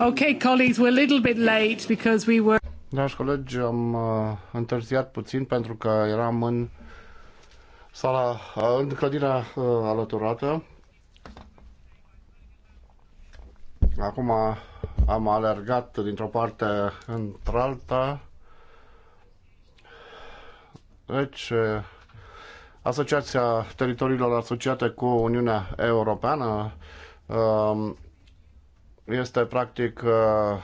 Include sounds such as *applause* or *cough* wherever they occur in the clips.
Okay, colleagues, we're a little bit late because we were... Dragi colegi, am uh, întârziat puțin pentru că eram în sala, uh, în clădirea uh, alăturată. Acum am alergat dintr-o parte într-alta. Deci, uh, Asociația Teritoriilor Asociate cu Uniunea Europeană uh, este practic uh,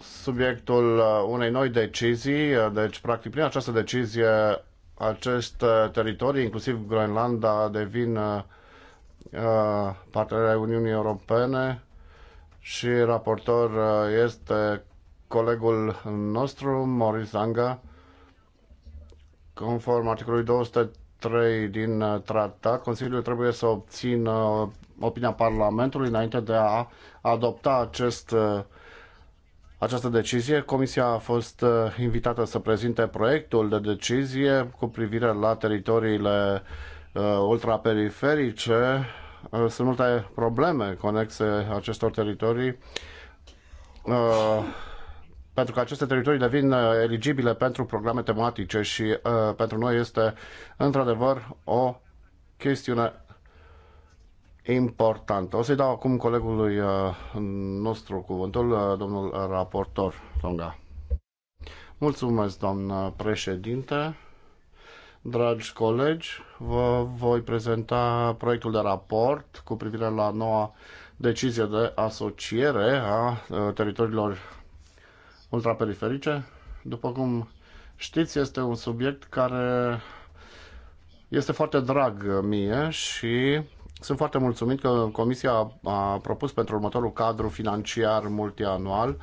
subiectul uh, unei noi decizii, uh, deci practic prin această decizie acest teritoriu, inclusiv Groenlanda, devin partenerii Uniunii Europene și raportor este colegul nostru, Maurice Zanga, conform articolului 203 din tratat, Consiliul trebuie să obțină opinia Parlamentului înainte de a adopta acest, uh, această decizie. Comisia a fost uh, invitată să prezinte proiectul de decizie cu privire la teritoriile uh, ultraperiferice. Sunt multe probleme conexe acestor teritorii pentru că aceste teritorii devin eligibile pentru programe tematice și pentru noi este într-adevăr o chestiune importantă. O să-i dau acum colegului uh, nostru cuvântul, uh, domnul raportor Longa. Mulțumesc, doamnă președinte. Dragi colegi, vă voi prezenta proiectul de raport cu privire la noua decizie de asociere a uh, teritoriilor ultraperiferice. După cum știți, este un subiect care este foarte drag mie și sunt foarte mulțumit că Comisia a propus pentru următorul cadru financiar multianual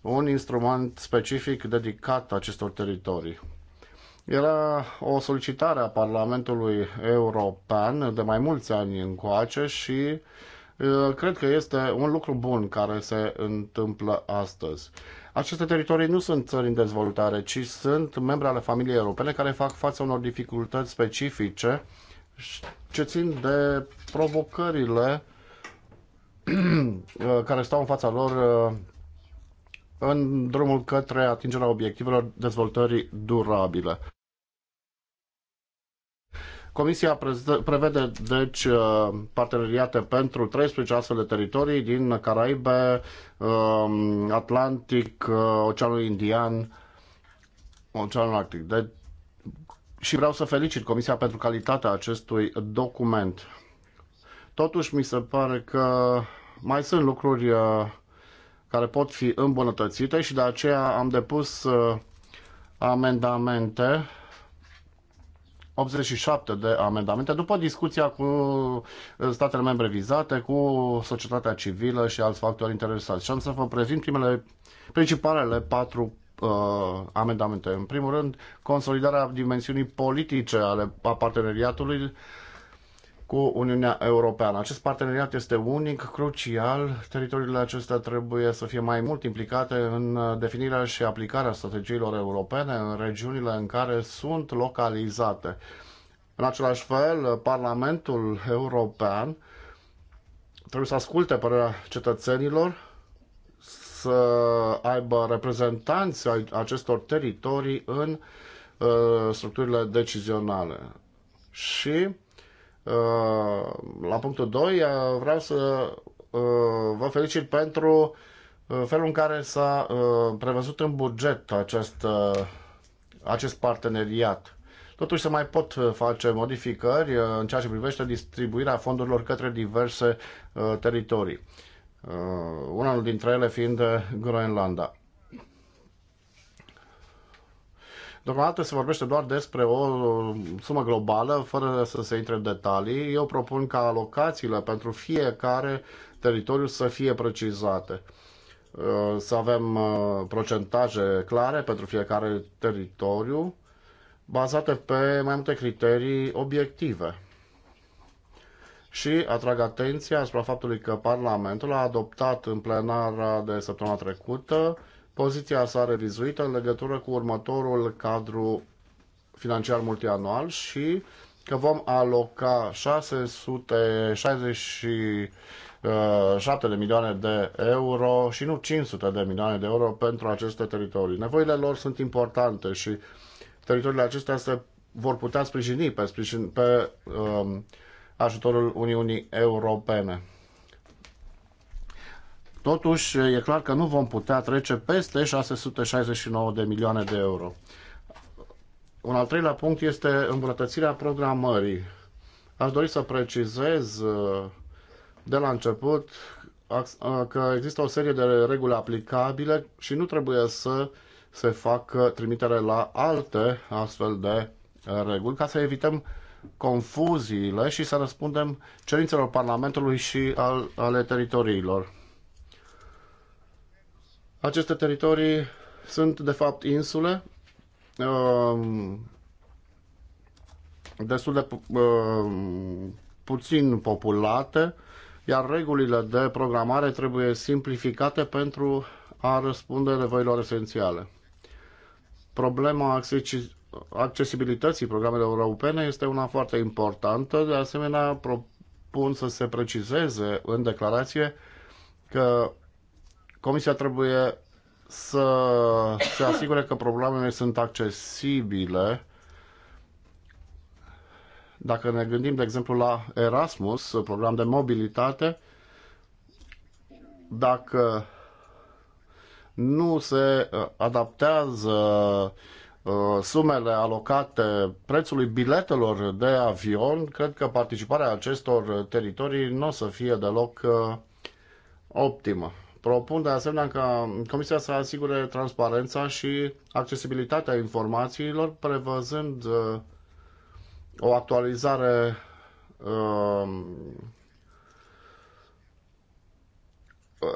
un instrument specific dedicat acestor teritorii. Era o solicitare a Parlamentului European de mai mulți ani încoace și cred că este un lucru bun care se întâmplă astăzi. Aceste teritorii nu sunt țări în dezvoltare, ci sunt membre ale familiei europene care fac față unor dificultăți specifice ce țin de provocările *clears throat* uh, care stau în fața lor uh, în drumul către atingerea obiectivelor dezvoltării durabile. Comisia prevede, deci, uh, parteneriate pentru 13 astfel de teritorii din Caraibe, um, Atlantic, Oceanul Indian, Oceanul Arctic. Deci, și vreau să felicit Comisia pentru calitatea acestui document. Totuși, mi se pare că mai sunt lucruri uh, care pot fi îmbunătățite și de aceea am depus uh, amendamente, 87 de amendamente, după discuția cu uh, statele membre vizate, cu societatea civilă și alți factori interesați. Și am să vă prezint primele, principalele patru uh, amendamente. În primul rând, consolidarea dimensiunii politice ale a parteneriatului cu Uniunea Europeană. Acest parteneriat este unic, crucial. Teritoriile acestea trebuie să fie mai mult implicate în definirea și aplicarea strategiilor europene în regiunile în care sunt localizate. În același fel, Parlamentul European trebuie să asculte părerea cetățenilor să aibă reprezentanți ai acestor teritorii în uh, structurile decizionale. Și uh, la punctul 2 uh, vreau să vă felicit pentru felul în care s-a prevăzut în buget acest, acest parteneriat. Totuși se mai pot face modificări în ceea ce privește distribuirea fondurilor către diverse teritorii. Uh, una dintre ele fiind uh, Groenlanda. Deocamdată se vorbește doar despre o uh, sumă globală, fără să se intre în detalii. Eu propun ca alocațiile pentru fiecare teritoriu să fie precizate. Să avem procentaje clare pentru fiecare teritoriu, bazate pe mai multe criterii obiective și atrag atenția asupra faptului că Parlamentul a adoptat în plenara de săptămâna trecută poziția sa revizuită în legătură cu următorul cadru financiar multianual și că vom aloca 667 uh, de milioane de euro și nu 500 de milioane de euro pentru aceste teritorii. Nevoile lor sunt importante și teritoriile acestea se vor putea sprijini pe, sprijin, pe uh, ajutorul Uniunii Europene. Totuși, e clar că nu vom putea trece peste 669 de milioane de euro. Un al treilea punct este îmbunătățirea programării. Aș dori să precizez uh, de la început uh, că există o serie de reguli aplicabile și nu trebuie să se facă trimitere la alte astfel de reguli ca să evităm confuziile și să răspundem cerințelor Parlamentului și al, ale teritoriilor. Aceste teritorii sunt, de fapt, insule, um, destul de um, puțin populate, iar regulile de programare trebuie simplificate pentru a răspunde nevoilor esențiale. Problema accesibilității programelor europene este una foarte importantă. De asemenea, propun să se precizeze în declarație că Comisia trebuie să se asigure că programele sunt accesibile. Dacă ne gândim, de exemplu, la Erasmus, program de mobilitate, dacă nu se adaptează uh, Uh, sumele alocate prețului biletelor de avion, cred că participarea acestor teritorii nu o să fie deloc uh, optimă. Propun de asemenea ca Comisia să asigure transparența și accesibilitatea informațiilor, prevăzând uh, o actualizare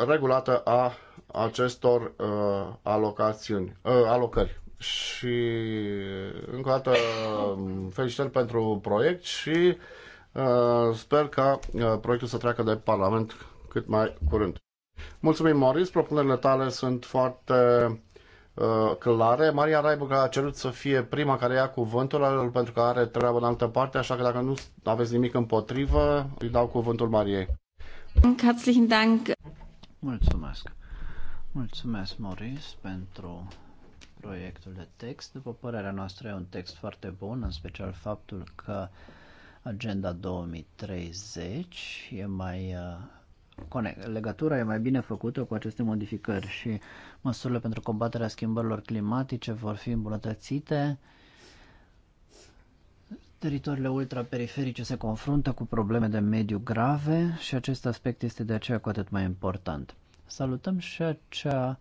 regulată a acestor alocațiuni, alocări și încă o dată felicitări pentru proiect și uh, sper ca uh, proiectul să treacă de Parlament cât mai curând. Mulțumim, Moris. Propunerile tale sunt foarte uh, clare. Maria Raibuga a cerut să fie prima care ia cuvântul pentru că are treabă în altă parte, așa că dacă nu aveți nimic împotrivă, îi dau cuvântul Mariei. Herzlichen Dank. Mulțumesc. Mulțumesc, Moris, pentru proiectul de text. După părerea noastră e un text foarte bun, în special faptul că Agenda 2030 e mai uh, legătura e mai bine făcută cu aceste modificări și măsurile pentru combaterea schimbărilor climatice vor fi îmbunătățite. Teritoriile ultraperiferice se confruntă cu probleme de mediu grave și acest aspect este de aceea cu atât mai important. Salutăm și acea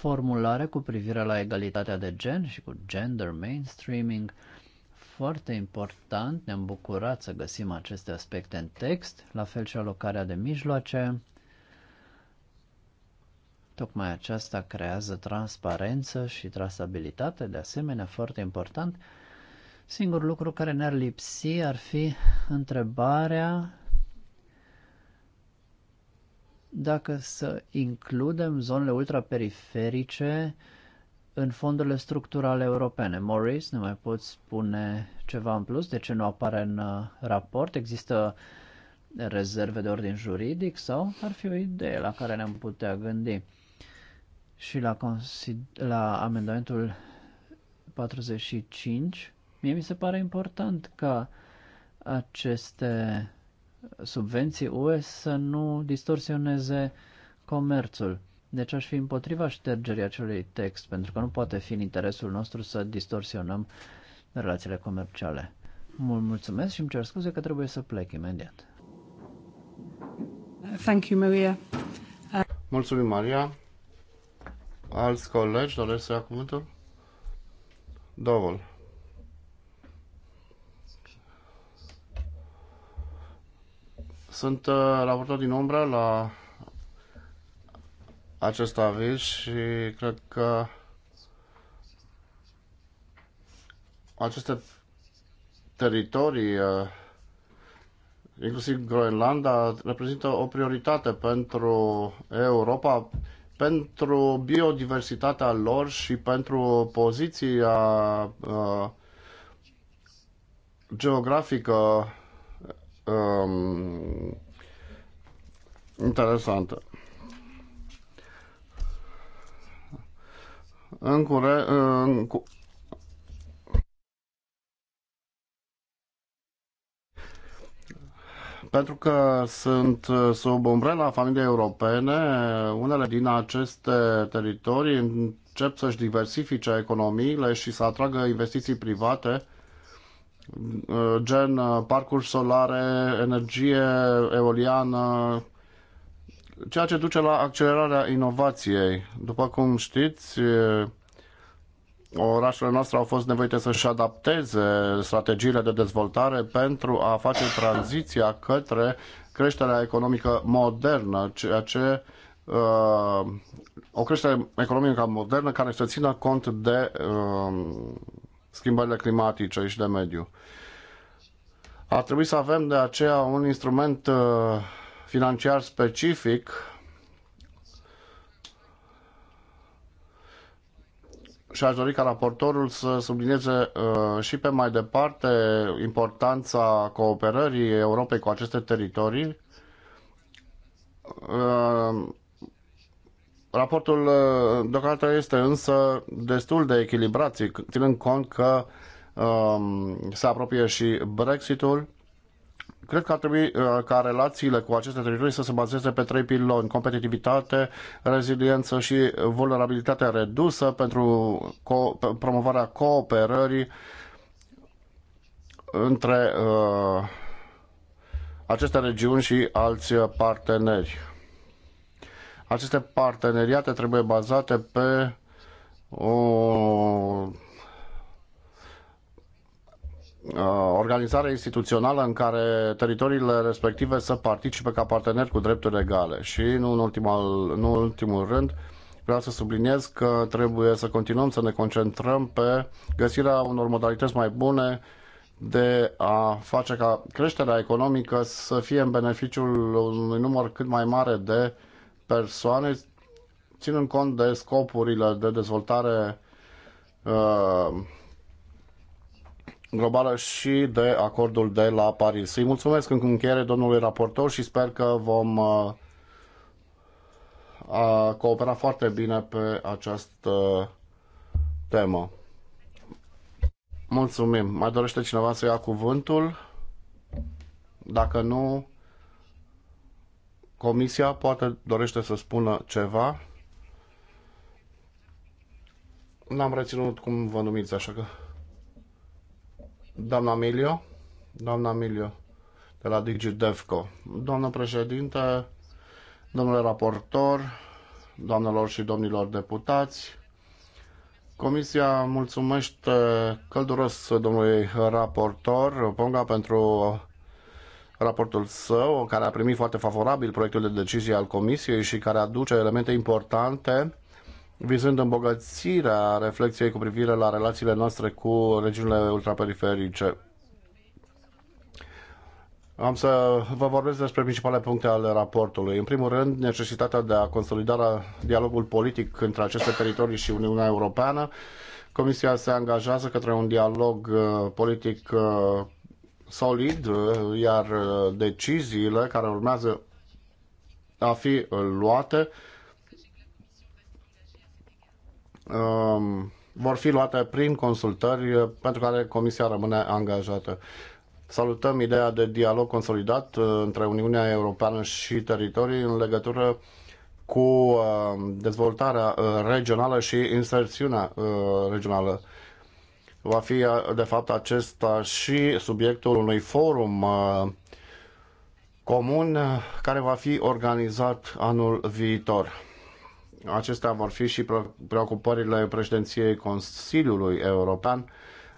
formulare cu privire la egalitatea de gen și cu gender mainstreaming. Foarte important, ne-am bucurat să găsim aceste aspecte în text, la fel și alocarea de mijloace. Tocmai aceasta creează transparență și trasabilitate, de asemenea foarte important. Singurul lucru care ne-ar lipsi ar fi întrebarea dacă să includem zonele ultraperiferice în fondurile structurale europene. Morris, ne mai poți spune ceva în plus? De ce nu apare în uh, raport? Există rezerve de ordin juridic sau ar fi o idee la care ne-am putea gândi? Și la, la amendamentul 45, mie mi se pare important ca aceste subvenții UE să nu distorsioneze comerțul. Deci aș fi împotriva ștergerii acelui text, pentru că nu poate fi în interesul nostru să distorsionăm relațiile comerciale. Mult mulțumesc și îmi cer scuze că trebuie să plec imediat. Thank you, Maria. Mulțumim, Maria. Alți colegi doresc să ia cuvântul? Dovol. Sunt uh, raportor din umbră la acest aviz și cred că aceste teritorii, uh, inclusiv Groenlanda, reprezintă o prioritate pentru Europa, pentru biodiversitatea lor și pentru poziția uh, geografică um, interesantă. În cure, în cu... Pentru că sunt uh, sub umbrela familiei europene, unele din aceste teritorii încep să-și diversifice economiile și să atragă investiții private Uh, gen uh, parcuri solare, energie eoliană, ceea ce duce la accelerarea inovației. După cum știți, uh, orașele noastre au fost nevoite să-și adapteze strategiile de dezvoltare pentru a face tranziția către creșterea economică modernă, ceea ce o creștere economică modernă care să țină cont de schimbările climatice și de mediu. Ar trebui să avem de aceea un instrument uh, financiar specific și aș dori ca raportorul să sublinieze uh, și pe mai departe importanța cooperării Europei cu aceste teritorii. Uh, Raportul uh, deocamdată este însă destul de echilibrat, ținând cont că um, se apropie și Brexitul. Cred că ar trebui uh, ca relațiile cu aceste teritorii să se bazeze pe trei piloni, competitivitate, reziliență și vulnerabilitate redusă pentru co- promovarea cooperării între uh, aceste regiuni și alți parteneri. Aceste parteneriate trebuie bazate pe o organizare instituțională în care teritoriile respective să participe ca parteneri cu drepturi egale. Și nu în, ultimul, nu în ultimul rând, vreau să subliniez că trebuie să continuăm să ne concentrăm pe găsirea unor modalități mai bune de a face ca creșterea economică să fie în beneficiul unui număr cât mai mare de uh, persoane, ținând cont de scopurile de dezvoltare uh, globală și de acordul de la Paris. Îi mulțumesc în încheiere domnului raportor și sper că vom uh, a coopera foarte bine pe această temă. Mulțumim. Mai dorește cineva să ia cuvântul? Dacă nu, Comisia poate dorește să spună ceva. N-am reținut cum vă numiți, așa că... Doamna Milio? Doamna Milio, de la DigiDevco. Doamnă președinte, domnule raportor, doamnelor și domnilor deputați, Comisia mulțumește călduros domnului raportor Ponga pentru raportul său, care a primit foarte favorabil proiectul de decizie al Comisiei și care aduce elemente importante vizând îmbogățirea reflexiei cu privire la relațiile noastre cu regiunile ultraperiferice. Am să vă vorbesc despre principalele puncte ale raportului. În primul rând, necesitatea de a consolida dialogul politic între aceste teritorii și Uniunea Europeană. Comisia se angajează către un dialog uh, politic uh, solid, iar uh, deciziile care urmează a fi uh, luate um, vor fi luate prin consultări uh, pentru care Comisia rămâne angajată. Salutăm ideea de dialog consolidat între Uniunea Europeană și teritorii în legătură cu dezvoltarea regională și inserțiunea regională va fi de fapt acesta și subiectul unui forum comun care va fi organizat anul viitor. Acestea vor fi și preocupările președinției Consiliului European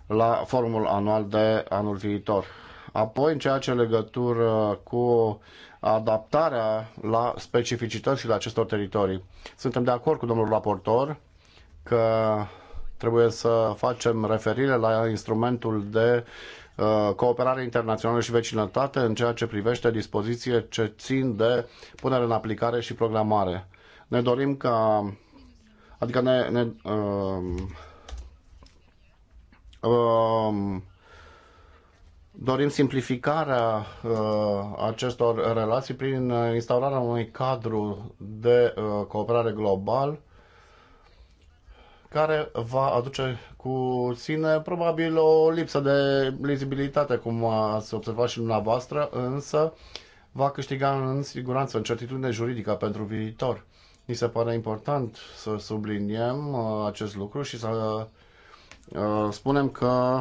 la forumul anual de anul viitor. Apoi, în ceea ce legătură cu adaptarea la specificitățile acestor teritorii, suntem de acord cu domnul raportor că Trebuie să facem referire la instrumentul de uh, cooperare internațională și vecinătate în ceea ce privește dispoziție ce țin de punere în aplicare și programare. Ne dorim ca adică ne, ne uh, uh, dorim simplificarea uh, acestor relații prin instaurarea unui cadru de uh, cooperare global care va aduce cu sine probabil o lipsă de lizibilitate, cum ați observat și dumneavoastră, însă va câștiga în siguranță, în certitudine juridică pentru viitor. Mi se pare important să subliniem uh, acest lucru și să uh, spunem că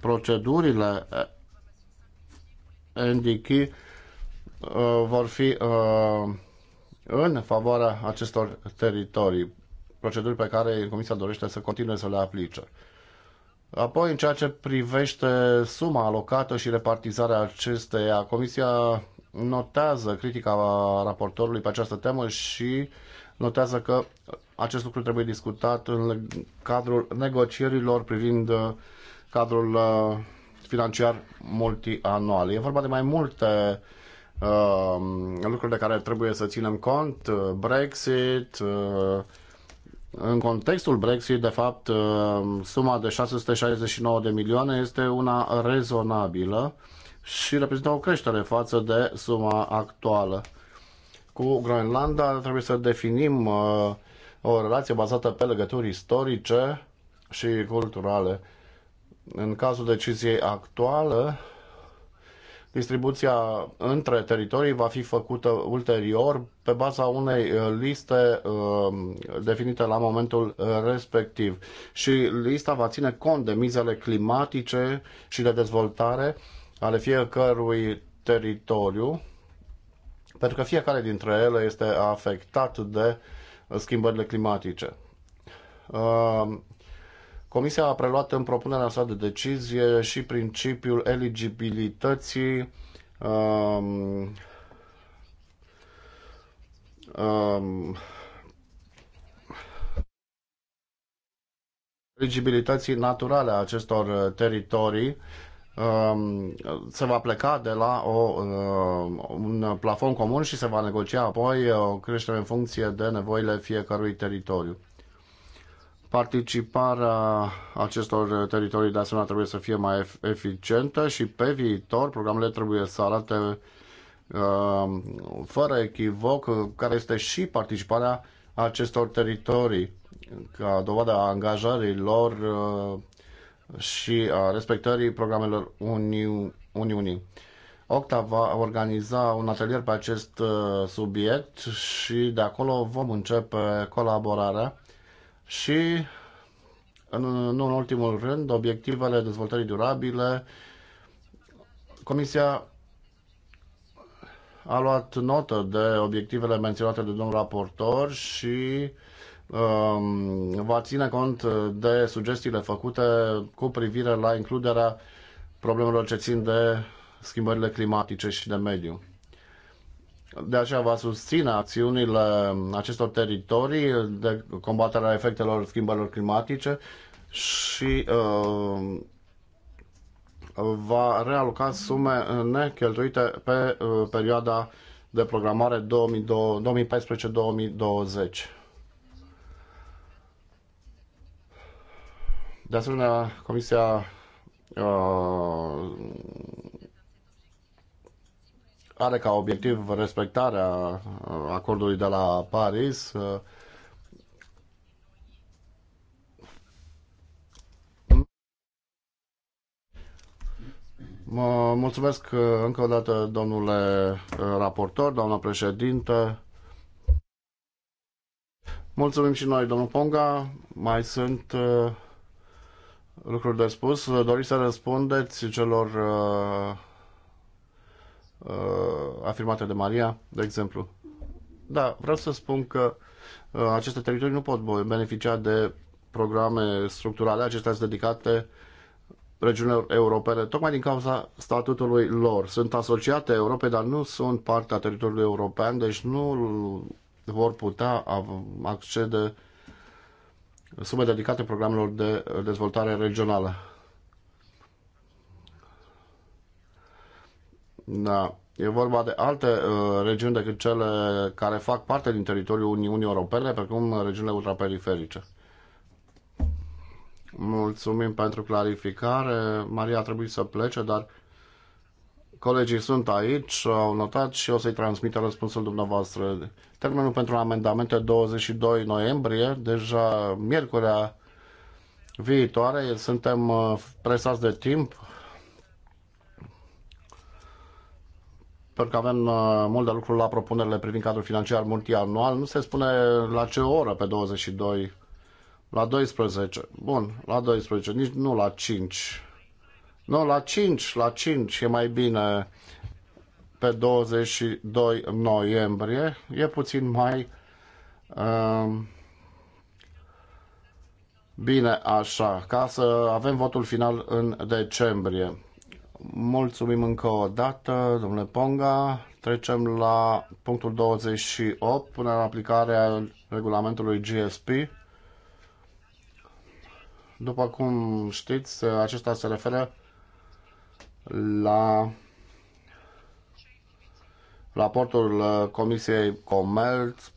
procedurile uh, NDK vor fi în favoarea acestor teritorii proceduri pe care Comisia dorește să continue să le aplice. Apoi, în ceea ce privește suma alocată și repartizarea acesteia, Comisia notează critica raportorului pe această temă și notează că acest lucru trebuie discutat în cadrul negocierilor privind uh, cadrul uh, financiar multianual. E vorba de mai multe uh, lucruri de care trebuie să ținem cont, uh, Brexit, uh, în contextul Brexit, de fapt, uh, suma de 669 de milioane este una rezonabilă și reprezintă o creștere față de suma actuală. Cu Groenlanda trebuie să definim uh, o relație bazată pe legături istorice și culturale. În cazul deciziei actuale, Distribuția între teritorii va fi făcută ulterior pe baza unei uh, liste uh, definite la momentul respectiv și lista va ține cont de mizele climatice și de dezvoltare ale fiecărui teritoriu, pentru că fiecare dintre ele este afectat de schimbările climatice. Uh, Comisia a preluat în propunerea sa de decizie și principiul eligibilității um, um, eligibilității naturale a acestor teritorii um, se va pleca de la o, um, un plafon comun și se va negocia apoi o creștere în funcție de nevoile fiecărui teritoriu. Participarea acestor teritorii de asemenea trebuie să fie mai eficientă și pe viitor programele trebuie să arate uh, fără echivoc care este și participarea acestor teritorii ca dovadă a angajării lor uh, și a respectării programelor Uniunii. Octa va organiza un atelier pe acest uh, subiect și de acolo vom începe colaborarea și, în, nu în ultimul rând, obiectivele dezvoltării durabile. Comisia a luat notă de obiectivele menționate de domnul raportor și um, va ține cont de sugestiile făcute cu privire la includerea problemelor ce țin de schimbările climatice și de mediu. De aceea va susține acțiunile acestor teritorii de combaterea efectelor schimbărilor climatice și uh, va realoca sume necheltuite pe uh, perioada de programare 2014-2020. De asemenea, Comisia uh, are ca obiectiv respectarea uh, acordului de la Paris. Uh, mă mulțumesc uh, încă o dată, domnule raportor, doamna președintă. Mulțumim și noi, domnul Ponga. Mai sunt lucruri de spus. Doriți să răspundeți celor Uh, afirmate de Maria, de exemplu. Da, vreau să spun că uh, aceste teritorii nu pot beneficia de programe structurale, acestea sunt dedicate regiunilor europene, tocmai din cauza statutului lor. Sunt asociate Europei, dar nu sunt parte a teritoriului european, deci nu vor putea accede sume dedicate programelor de dezvoltare regională. Da. E vorba de alte uh, regiuni decât cele care fac parte din teritoriul Uniunii Europene, precum regiunile ultraperiferice. Mulțumim pentru clarificare. Maria a trebuit să plece, dar colegii sunt aici, au notat și o să-i transmită răspunsul dumneavoastră. Termenul pentru amendamente 22 noiembrie, deja miercurea viitoare, suntem uh, presați de timp, pentru că avem uh, mult de lucru la propunerile privind cadrul financiar multianual, nu se spune la ce oră pe 22, la 12, bun, la 12, nici nu la 5. Nu, la 5, la 5 e mai bine pe 22 noiembrie, e puțin mai um, bine așa, ca să avem votul final în decembrie. Mulțumim încă o dată, domnule Ponga. Trecem la punctul 28, până în aplicarea regulamentului GSP. După cum știți, acesta se referă la raportul Comisiei Comerț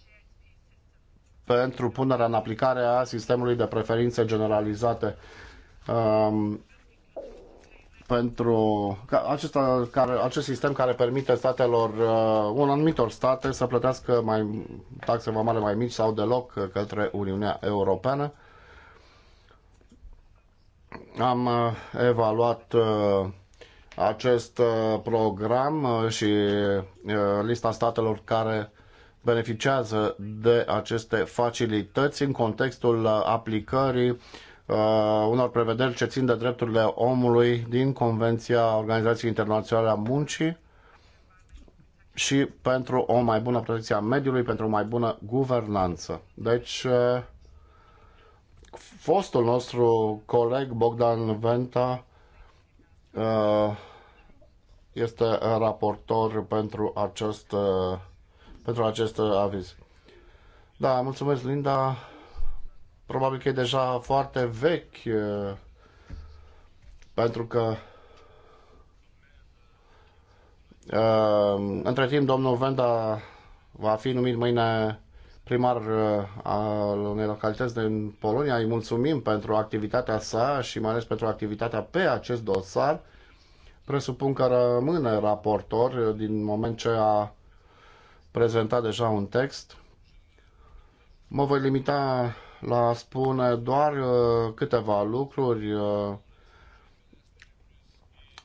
pentru punerea în aplicare a sistemului de preferințe generalizate. Um, pentru acesta, care, acest sistem care permite statelor, uh, un anumitor state să plătească mai, taxe mai mari, mai mici sau deloc către Uniunea Europeană. Am uh, evaluat uh, acest program și lista statelor care beneficiază de aceste facilități în contextul aplicării uh, unor prevederi ce țin de drepturile omului din Convenția Organizației Internaționale a Muncii și pentru o mai bună protecție a mediului, pentru o mai bună guvernanță. Deci, uh, fostul nostru coleg Bogdan Venta uh, este raportor pentru acest, uh, pentru acest aviz. Da, mulțumesc, Linda. Probabil că e deja foarte vechi, pentru că între timp domnul Venda va fi numit mâine primar al unei localități din Polonia. Îi mulțumim pentru activitatea sa și mai ales pentru activitatea pe acest dosar. Presupun că rămâne raportor din moment ce a prezentat deja un text. Mă voi limita la spune doar uh, câteva lucruri uh,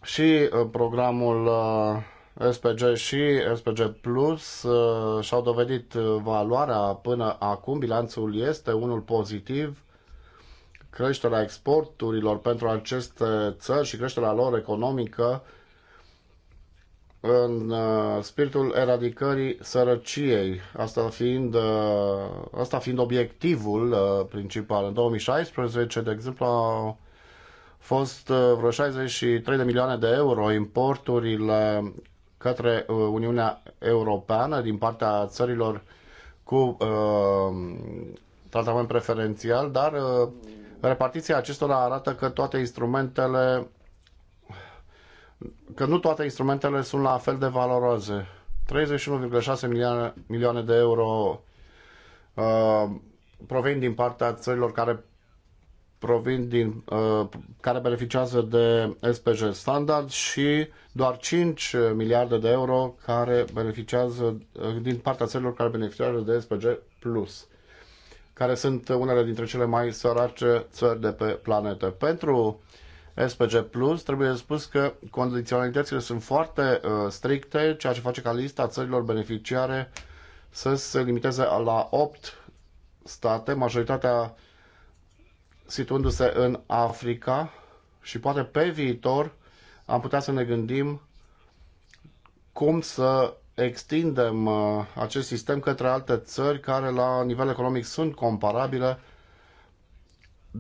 și uh, programul SPG și SPG Plus și-au dovedit valoarea până acum. Bilanțul este unul pozitiv. Creșterea exporturilor pentru aceste țări și creșterea lor economică în uh, spiritul eradicării sărăciei, asta fiind, uh, asta fiind obiectivul uh, principal. În 2016, de exemplu, au fost vreo 63 de milioane de euro importurile către Uniunea Europeană din partea țărilor cu uh, tratament preferențial, dar uh, repartiția acestora arată că toate instrumentele că nu toate instrumentele sunt la fel de valoroase. 31,6 milioane, milioane de euro uh, provin din partea țărilor care provin din, uh, care beneficiază de SPG standard și doar 5 miliarde de euro care beneficiază uh, din partea țărilor care beneficiază de SPG plus care sunt unele dintre cele mai sărace țări de pe planetă. Pentru uh, SPG Plus, trebuie spus că condiționalitățile sunt foarte uh, stricte, ceea ce face ca lista țărilor beneficiare să se limiteze la 8 state, majoritatea situându-se în Africa și poate pe viitor am putea să ne gândim cum să extindem uh, acest sistem către alte țări care la nivel economic sunt comparabile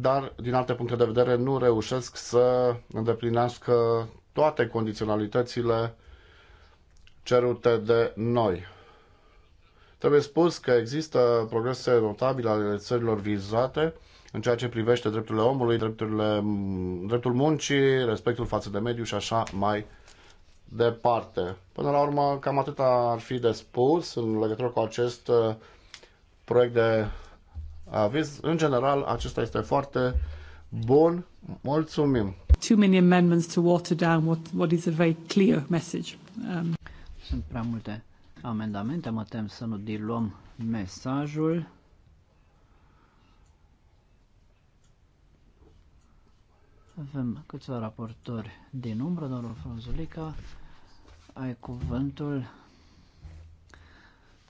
dar din alte puncte de vedere nu reușesc să îndeplinească toate condiționalitățile cerute de noi. Trebuie spus că există progrese notabile ale țărilor vizate în ceea ce privește drepturile omului, drepturile, dreptul muncii, respectul față de mediu și așa mai departe. Până la urmă, cam atât ar fi de spus în legătură cu acest uh, proiect de aviz. În general, acesta este foarte bun. Mulțumim. Too many amendments to water down what, what is a very clear message. Um... Sunt prea multe amendamente, mă tem să nu diluăm mesajul. Avem câțiva raportori din umbră, domnul Franzulica, ai cuvântul,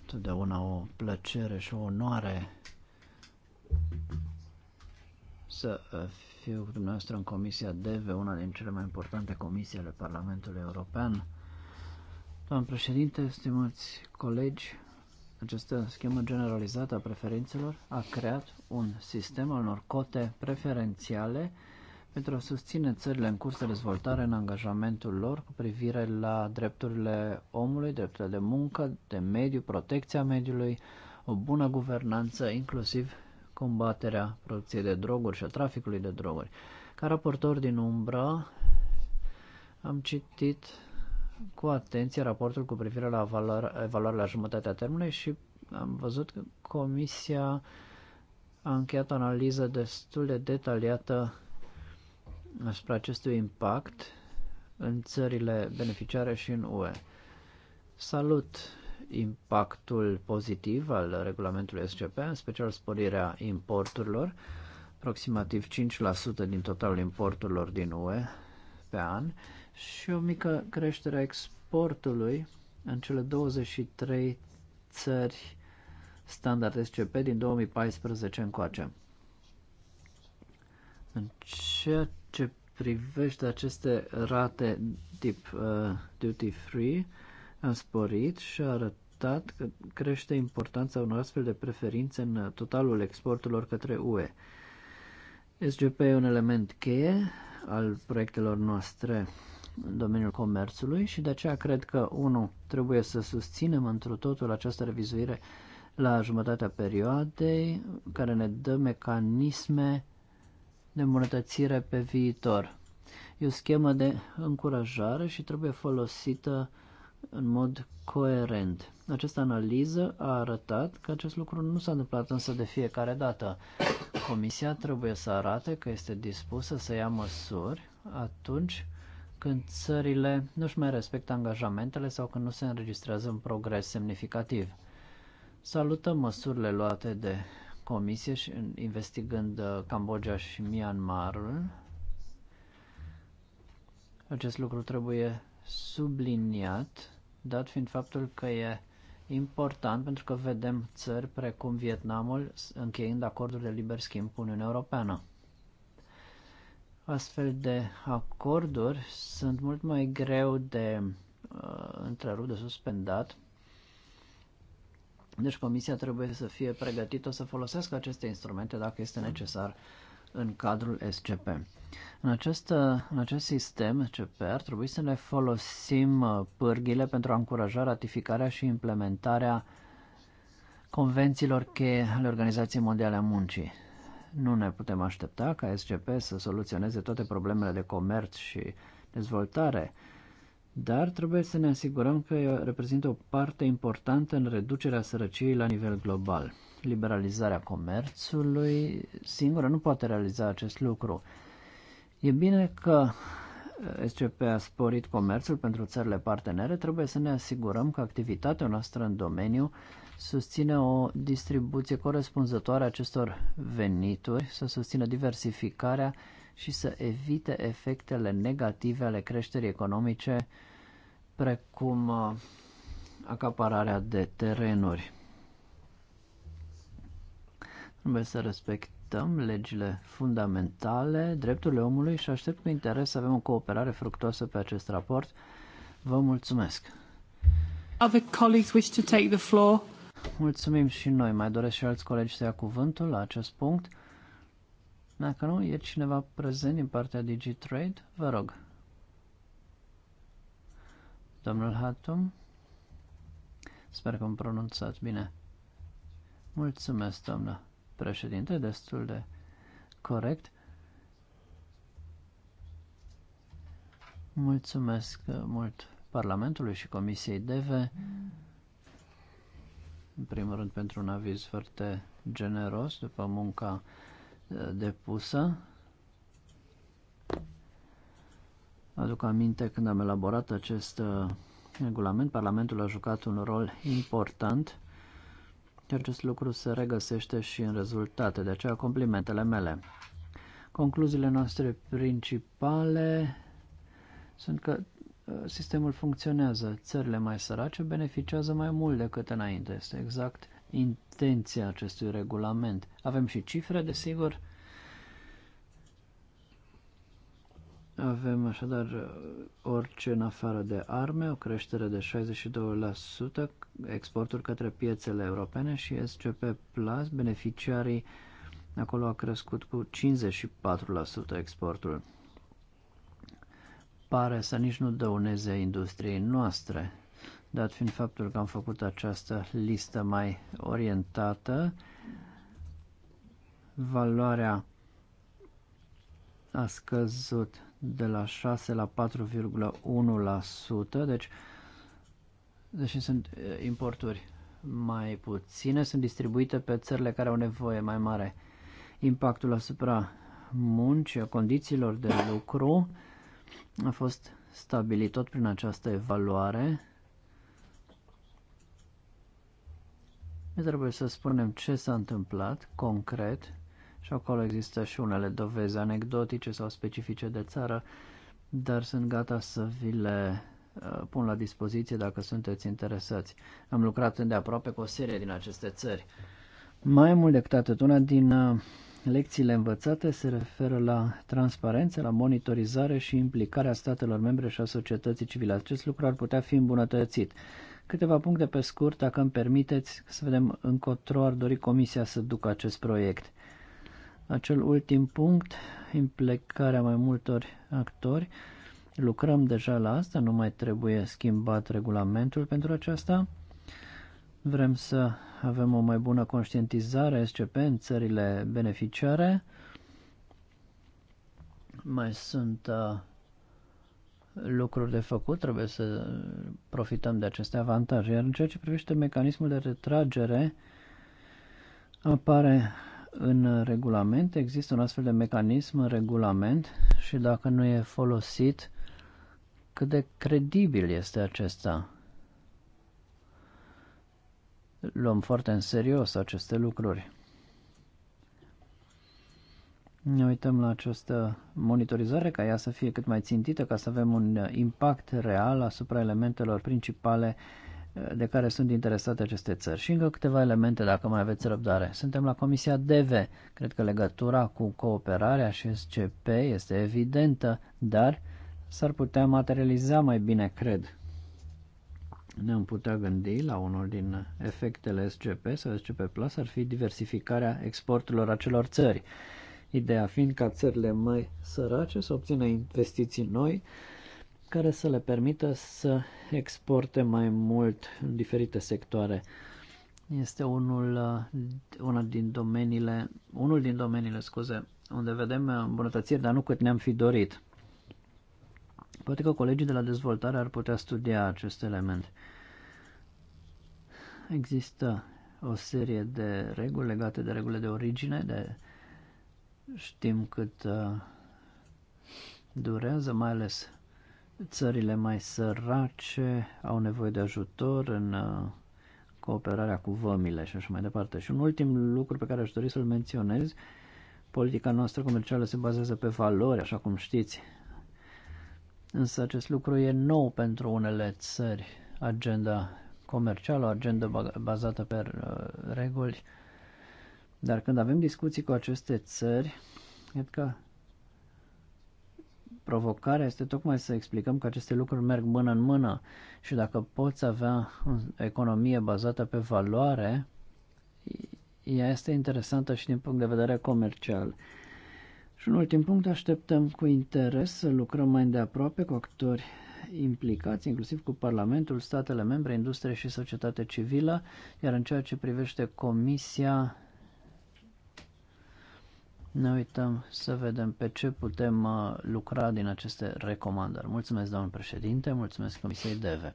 totdeauna o plăcere și o onoare să uh, fiu cu dumneavoastră în Comisia DEVE, una din cele mai importante comisii ale Parlamentului European. Doamne președinte, stimați colegi, această schemă generalizată a preferințelor a creat un sistem al unor cote preferențiale pentru a susține țările în curs de dezvoltare în angajamentul lor cu privire la drepturile omului, drepturile de muncă, de mediu, protecția mediului, o bună guvernanță, inclusiv combaterea producției de droguri și a traficului de droguri. Ca raportor din Umbra, am citit cu atenție raportul cu privire la evaluarea la jumătatea termenului și am văzut că Comisia a încheiat o analiză destul de detaliată asupra acestui impact în țările beneficiare și în UE. Salut impactul pozitiv al regulamentului SCP, în special sporirea importurilor, aproximativ 5% din totalul importurilor din UE pe an și o mică creștere a exportului în cele 23 țări standard SCP din 2014 încoace. În ceea ce privește aceste rate tip uh, duty free, uh, a sporit și a arătat că crește importanța unor astfel de preferințe în totalul exporturilor către UE. SGP e un element cheie al proiectelor noastre în domeniul comerțului și de aceea cred că, unu, trebuie să susținem întru totul această revizuire la jumătatea perioadei care ne dă mecanisme de îmbunătățire pe viitor. E o schemă de încurajare și trebuie folosită în mod coerent. Această analiză a arătat că acest lucru nu s-a întâmplat însă de fiecare dată. Comisia trebuie să arate că este dispusă să ia măsuri atunci când țările nu-și mai respectă angajamentele sau când nu se înregistrează un progres semnificativ. Salută măsurile luate de comisie și investigând uh, Cambodgia și Myanmarul. Acest lucru trebuie subliniat dat fiind faptul că e important pentru că vedem țări precum Vietnamul încheiind acorduri de liber schimb cu Uniunea Europeană. Astfel de acorduri sunt mult mai greu de uh, întrerupt, de suspendat. Deci comisia trebuie să fie pregătită să folosească aceste instrumente dacă este necesar în cadrul SCP. În acest, în acest sistem SCP ar trebui să ne folosim uh, pârghile pentru a încuraja ratificarea și implementarea convențiilor cheie ale Organizației Mondiale a Muncii. Nu ne putem aștepta ca SCP să soluționeze toate problemele de comerț și dezvoltare, dar trebuie să ne asigurăm că reprezintă o parte importantă în reducerea sărăciei la nivel global. Liberalizarea comerțului singură nu poate realiza acest lucru. E bine că SCP a sporit comerțul pentru țările partenere, trebuie să ne asigurăm că activitatea noastră în domeniu susține o distribuție corespunzătoare a acestor venituri, să susțină diversificarea și să evite efectele negative ale creșterii economice, precum uh, acapararea de terenuri. Trebuie să respectăm legile fundamentale, drepturile omului și aștept cu interes să avem o cooperare fructoasă pe acest raport. Vă mulțumesc! Other colleagues wish to take the floor. Mulțumim și noi. Mai doresc și alți colegi să ia cuvântul la acest punct. Dacă nu, e cineva prezent din partea DigiTrade? Vă rog. Domnul Hatum? Sper că am pronunțat bine. Mulțumesc, doamnă președinte, destul de corect. Mulțumesc mult Parlamentului și Comisiei DEVE, în primul rând pentru un aviz foarte generos după munca depusă. Aduc aminte când am elaborat acest uh, regulament, Parlamentul a jucat un rol important acest lucru se regăsește și în rezultate, de aceea complimentele mele. Concluziile noastre principale sunt că uh, sistemul funcționează. Țările mai sărace beneficiază mai mult decât înainte. Este exact intenția acestui regulament. Avem și cifre, desigur. Avem așadar uh, orice în afară de arme, o creștere de 62%, exporturi către piețele europene și SCP Plus, beneficiarii, acolo a crescut cu 54% exportul. Pare să nici nu dăuneze industriei noastre dat fiind faptul că am făcut această listă mai orientată, valoarea a scăzut de la 6 la 4,1%, deci deși sunt importuri mai puține, sunt distribuite pe țările care au nevoie mai mare. Impactul asupra muncii, a condițiilor de lucru a fost stabilit tot prin această evaluare Ne trebuie să spunem ce s-a întâmplat concret și acolo există și unele dovezi anecdotice sau specifice de țară, dar sunt gata să vi le uh, pun la dispoziție dacă sunteți interesați. Am lucrat îndeaproape cu o serie din aceste țări. Mai mult decât atât, una din uh, lecțiile învățate se referă la transparență, la monitorizare și implicarea statelor membre și a societății civile. Acest lucru ar putea fi îmbunătățit. Câteva puncte pe scurt, dacă îmi permiteți, să vedem încotro ar dori Comisia să ducă acest proiect. Acel ultim punct, implicarea mai multor actori, lucrăm deja la asta, nu mai trebuie schimbat regulamentul pentru aceasta. Vrem să avem o mai bună conștientizare SCP în țările beneficiare. Mai sunt uh, lucruri de făcut, trebuie să profităm de aceste avantaje. Iar în ceea ce privește mecanismul de retragere, apare în regulament, există un astfel de mecanism în regulament și dacă nu e folosit, cât de credibil este acesta? Luăm foarte în serios aceste lucruri. Ne uităm la această monitorizare ca ea să fie cât mai țintită, ca să avem un impact real asupra elementelor principale eh, de care sunt interesate aceste țări. Și încă câteva elemente, dacă mai aveți răbdare. Suntem la Comisia DV. Cred că legătura cu cooperarea și SCP este evidentă, dar s-ar putea materializa mai bine, cred. Ne-am putea gândi la unul din efectele SCP sau SCP Plus ar fi diversificarea exporturilor acelor țări. Ideea fiind ca țările mai sărace să obțină investiții noi care să le permită să exporte mai mult în diferite sectoare. Este unul, uh, una din domeniile, unul din domeniile, scuze, unde vedem uh, îmbunătățiri, dar nu cât ne-am fi dorit. Poate că colegii de la dezvoltare ar putea studia acest element. Există o serie de reguli legate de regulile de origine, de Știm cât uh, durează, mai ales țările mai sărace au nevoie de ajutor în uh, cooperarea cu vămile și așa mai departe. Și un ultim lucru pe care aș dori să-l menționez, politica noastră comercială se bazează pe valori, așa cum știți. Însă acest lucru e nou pentru unele țări, agenda comercială, o agenda bazată pe uh, reguli, dar când avem discuții cu aceste țări, cred că provocarea este tocmai să explicăm că aceste lucruri merg mână în mână și dacă poți avea o economie bazată pe valoare, ea este interesantă și din punct de vedere comercial. Și în ultim punct, așteptăm cu interes să lucrăm mai îndeaproape cu actori implicați, inclusiv cu Parlamentul, statele membre, industrie și societate civilă, iar în ceea ce privește Comisia, ne uităm să vedem pe ce putem uh, lucra din aceste recomandări. Mulțumesc, domnul președinte, mulțumesc Comisiei DEVE.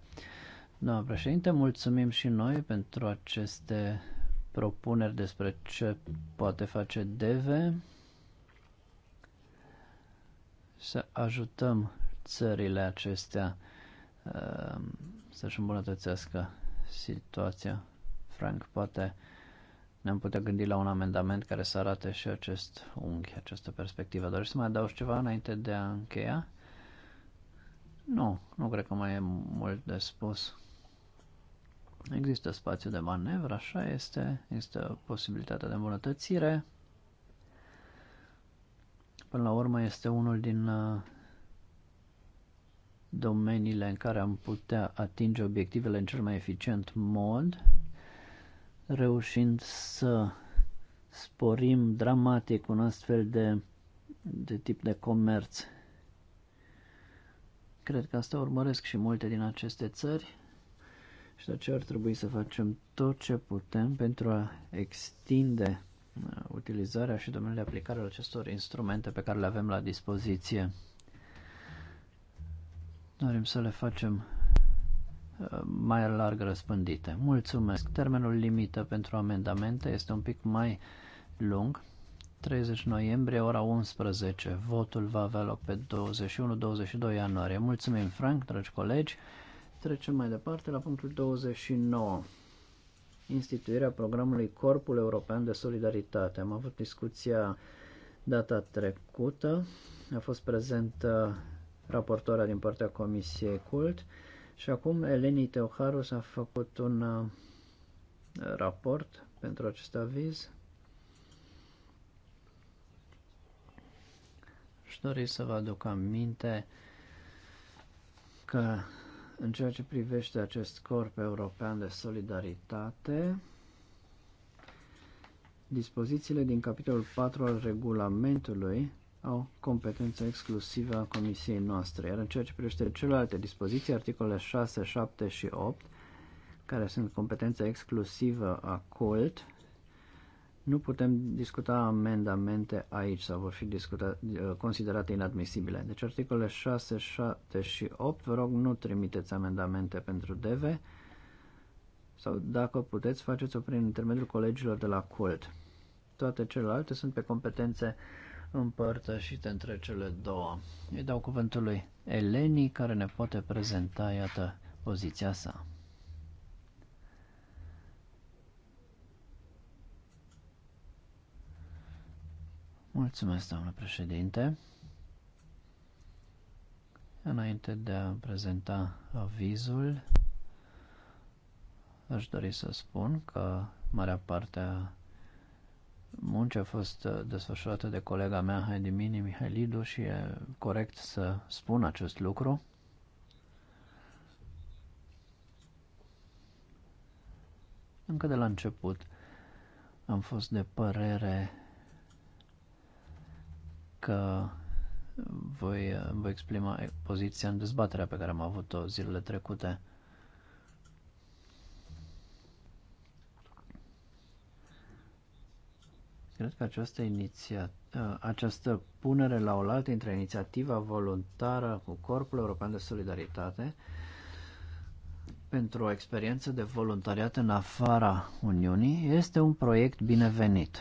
Domnul președinte, mulțumim și noi pentru aceste propuneri despre ce poate face DEVE să ajutăm țările acestea uh, să-și îmbunătățească situația. Frank, poate ne-am putea gândi la un amendament care să arate și acest unghi, această perspectivă. Dorești să mai adaugi ceva înainte de a încheia? Nu, nu cred că mai e mult de spus. Există spațiu de manevră, așa este, există posibilitatea de îmbunătățire. Până la urmă este unul din uh, domeniile în care am putea atinge obiectivele în cel mai eficient mod reușind să sporim dramatic un astfel de, de tip de comerț. Cred că asta urmăresc și multe din aceste țări și de aceea ar trebui să facem tot ce putem pentru a extinde uh, utilizarea și domeniul de aplicare al acestor instrumente pe care le avem la dispoziție. Dorim să le facem mai larg răspândite. Mulțumesc! Termenul limită pentru amendamente este un pic mai lung, 30 noiembrie, ora 11. Votul va avea loc pe 21-22 ianuarie. Mulțumim, Frank, dragi colegi! Trecem mai departe la punctul 29. Instituirea programului Corpul European de Solidaritate. Am avut discuția data trecută. A fost prezentă raportoarea din partea Comisiei CULT. Și acum Eleni Teoharus a făcut un uh, raport pentru acest aviz. Aș dori să vă aduc aminte că în ceea ce privește acest corp european de solidaritate, dispozițiile din capitolul 4 al regulamentului au competență exclusivă a comisiei noastre. Iar în ceea ce privește celelalte dispoziții, articolele 6, 7 și 8, care sunt competența exclusivă a COLT, nu putem discuta amendamente aici sau vor fi discuta, uh, considerate inadmisibile. Deci articolele 6, 7 și 8, vă rog nu trimiteți amendamente pentru DV sau dacă puteți faceți-o prin intermediul colegilor de la COLT. Toate celelalte sunt pe competențe împărtășite între cele două. Îi dau cuvântul lui Eleni care ne poate prezenta, iată, poziția sa. Mulțumesc, doamnă președinte. Înainte de a prezenta avizul, aș dori să spun că marea parte a munce a fost uh, desfășurată de colega mea, Heidi Mini Mihailidu, și e corect să spun acest lucru. Încă de la început am fost de părere că voi, uh, voi exprima poziția în dezbaterea pe care am avut-o zilele trecute. Cred că această, iniția, ă, această punere la oaltă între inițiativa voluntară cu Corpul European de Solidaritate pentru o experiență de voluntariat în afara Uniunii este un proiect binevenit.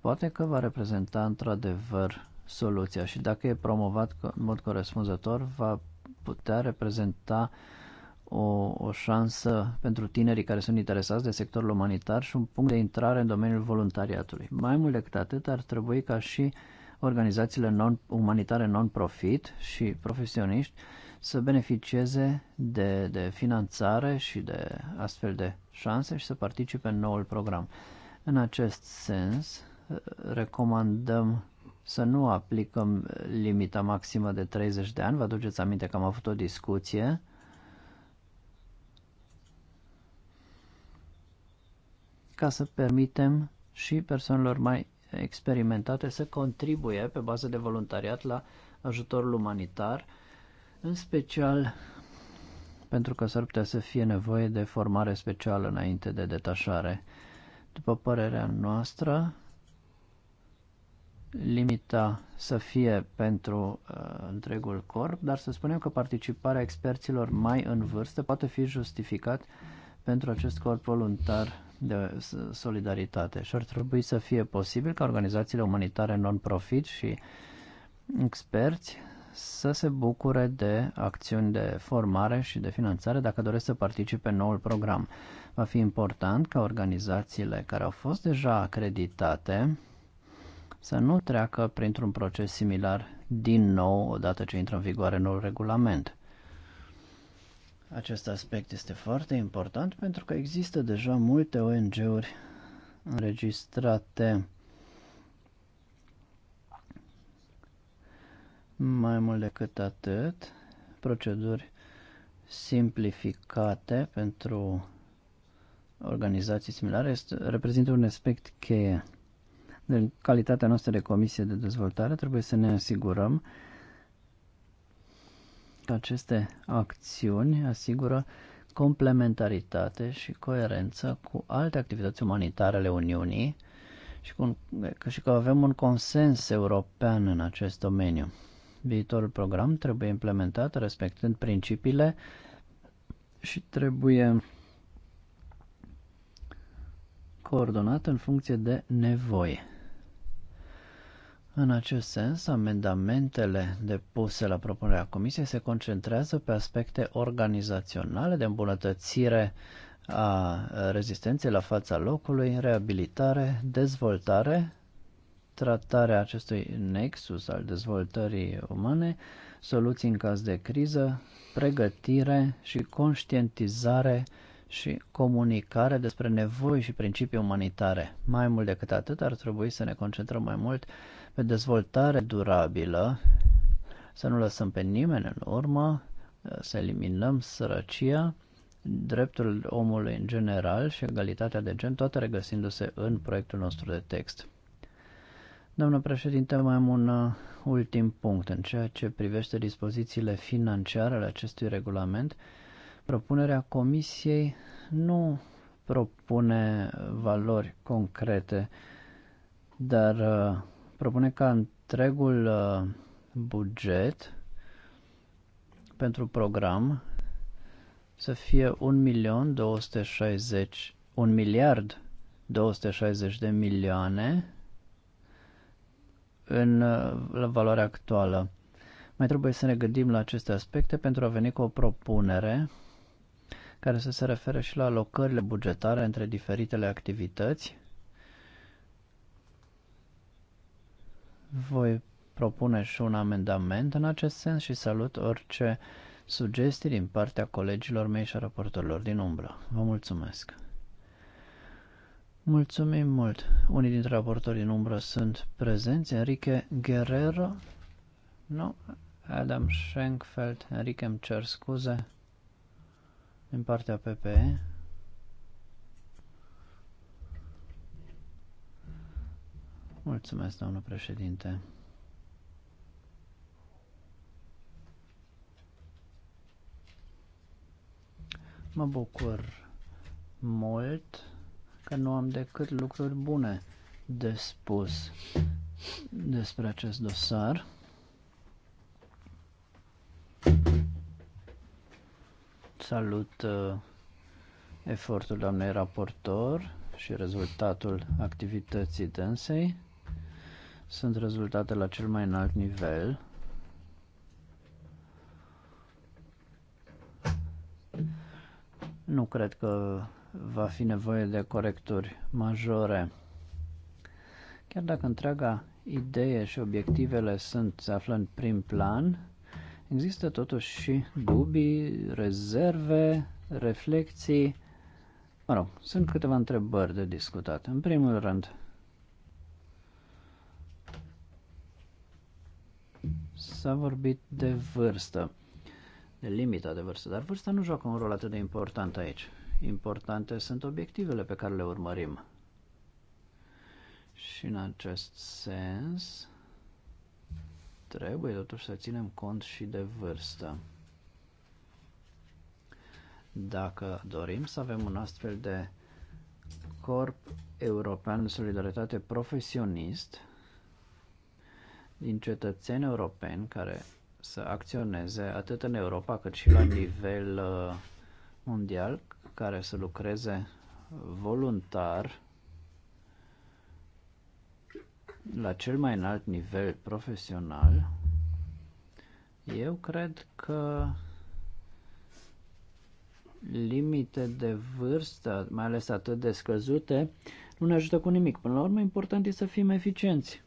Poate că va reprezenta într-adevăr soluția și dacă e promovat în mod corespunzător va putea reprezenta uh, o, o șansă pentru tinerii care sunt interesați de sectorul umanitar și un punct de intrare în domeniul voluntariatului. Mai mult decât atât, ar trebui ca și organizațiile non, umanitare non-profit și profesioniști să beneficieze de, de finanțare și de astfel de șanse și să participe în noul program. În acest sens, recomandăm să nu aplicăm limita maximă de 30 de ani. Vă aduceți aminte că am avut o discuție ca să permitem și persoanelor mai experimentate să contribuie pe bază de voluntariat la ajutorul umanitar, în special pentru că s-ar putea să fie nevoie de formare specială înainte de detașare. După părerea noastră, limita să fie pentru uh, întregul corp, dar să spunem că participarea experților mai în vârstă poate fi justificat pentru acest corp voluntar de solidaritate și ar trebui să fie posibil ca organizațiile umanitare non-profit și experți să se bucure de acțiuni de formare și de finanțare dacă doresc să participe în noul program. Va fi important ca organizațiile care au fost deja acreditate să nu treacă printr-un proces similar din nou odată ce intră în vigoare noul regulament. Acest aspect este foarte important pentru că există deja multe ONG-uri înregistrate. Mai mult decât atât, proceduri simplificate pentru organizații similare este, reprezintă un aspect cheie. În calitatea noastră de comisie de dezvoltare trebuie să ne asigurăm că aceste acțiuni asigură complementaritate și coerență cu alte activități umanitare ale Uniunii și, cu, și că avem un consens european în acest domeniu. Viitorul program trebuie implementat respectând principiile și trebuie coordonat în funcție de nevoie. În acest sens, amendamentele depuse la propunerea Comisiei se concentrează pe aspecte organizaționale de îmbunătățire a rezistenței la fața locului, reabilitare, dezvoltare, tratarea acestui nexus al dezvoltării umane, soluții în caz de criză, pregătire și conștientizare și comunicare despre nevoi și principii umanitare. Mai mult decât atât, ar trebui să ne concentrăm mai mult pe dezvoltare durabilă, să nu lăsăm pe nimeni în urmă, să eliminăm sărăcia, dreptul omului în general și egalitatea de gen, toate regăsindu-se în proiectul nostru de text. Doamnă președinte, mai am un uh, ultim punct în ceea ce privește dispozițiile financiare ale acestui regulament. Propunerea Comisiei nu propune valori concrete, dar uh, propune ca întregul uh, buget pentru program să fie 1 milion 260 1 miliard 260 de milioane în uh, la valoarea actuală. Mai trebuie să ne gândim la aceste aspecte pentru a veni cu o propunere care să se referă și la alocările bugetare între diferitele activități Voi propune și un amendament în acest sens și salut orice sugestii din partea colegilor mei și a raportorilor din umbră. Vă mulțumesc! Mulțumim mult! Unii dintre raportorii din umbră sunt prezenți, Enrique Guerrero, nu, Adam Schenkfeld, Enrique îmi cer scuze din partea PPE. Mulțumesc, domnul președinte. Mă bucur mult că nu am decât lucruri bune de spus despre acest dosar. Salut uh, efortul doamnei raportor și rezultatul activității dânsei sunt rezultate la cel mai înalt nivel. Nu cred că va fi nevoie de corecturi majore. Chiar dacă întreaga idee și obiectivele sunt, se află în prim plan, există totuși și dubii, rezerve, reflexii. Mă rog, sunt câteva întrebări de discutat. În primul rând, S-a vorbit de vârstă, de limita de vârstă, dar vârsta nu joacă un rol atât de important aici. Importante sunt obiectivele pe care le urmărim. Și în acest sens trebuie totuși să ținem cont și de vârstă. Dacă dorim să avem un astfel de corp european de solidaritate profesionist, din cetățeni europeni care să acționeze atât în Europa cât și la nivel uh, mondial, care să lucreze voluntar la cel mai înalt nivel profesional, eu cred că limite de vârstă, mai ales atât de scăzute, nu ne ajută cu nimic. Până la urmă, important este să fim eficienți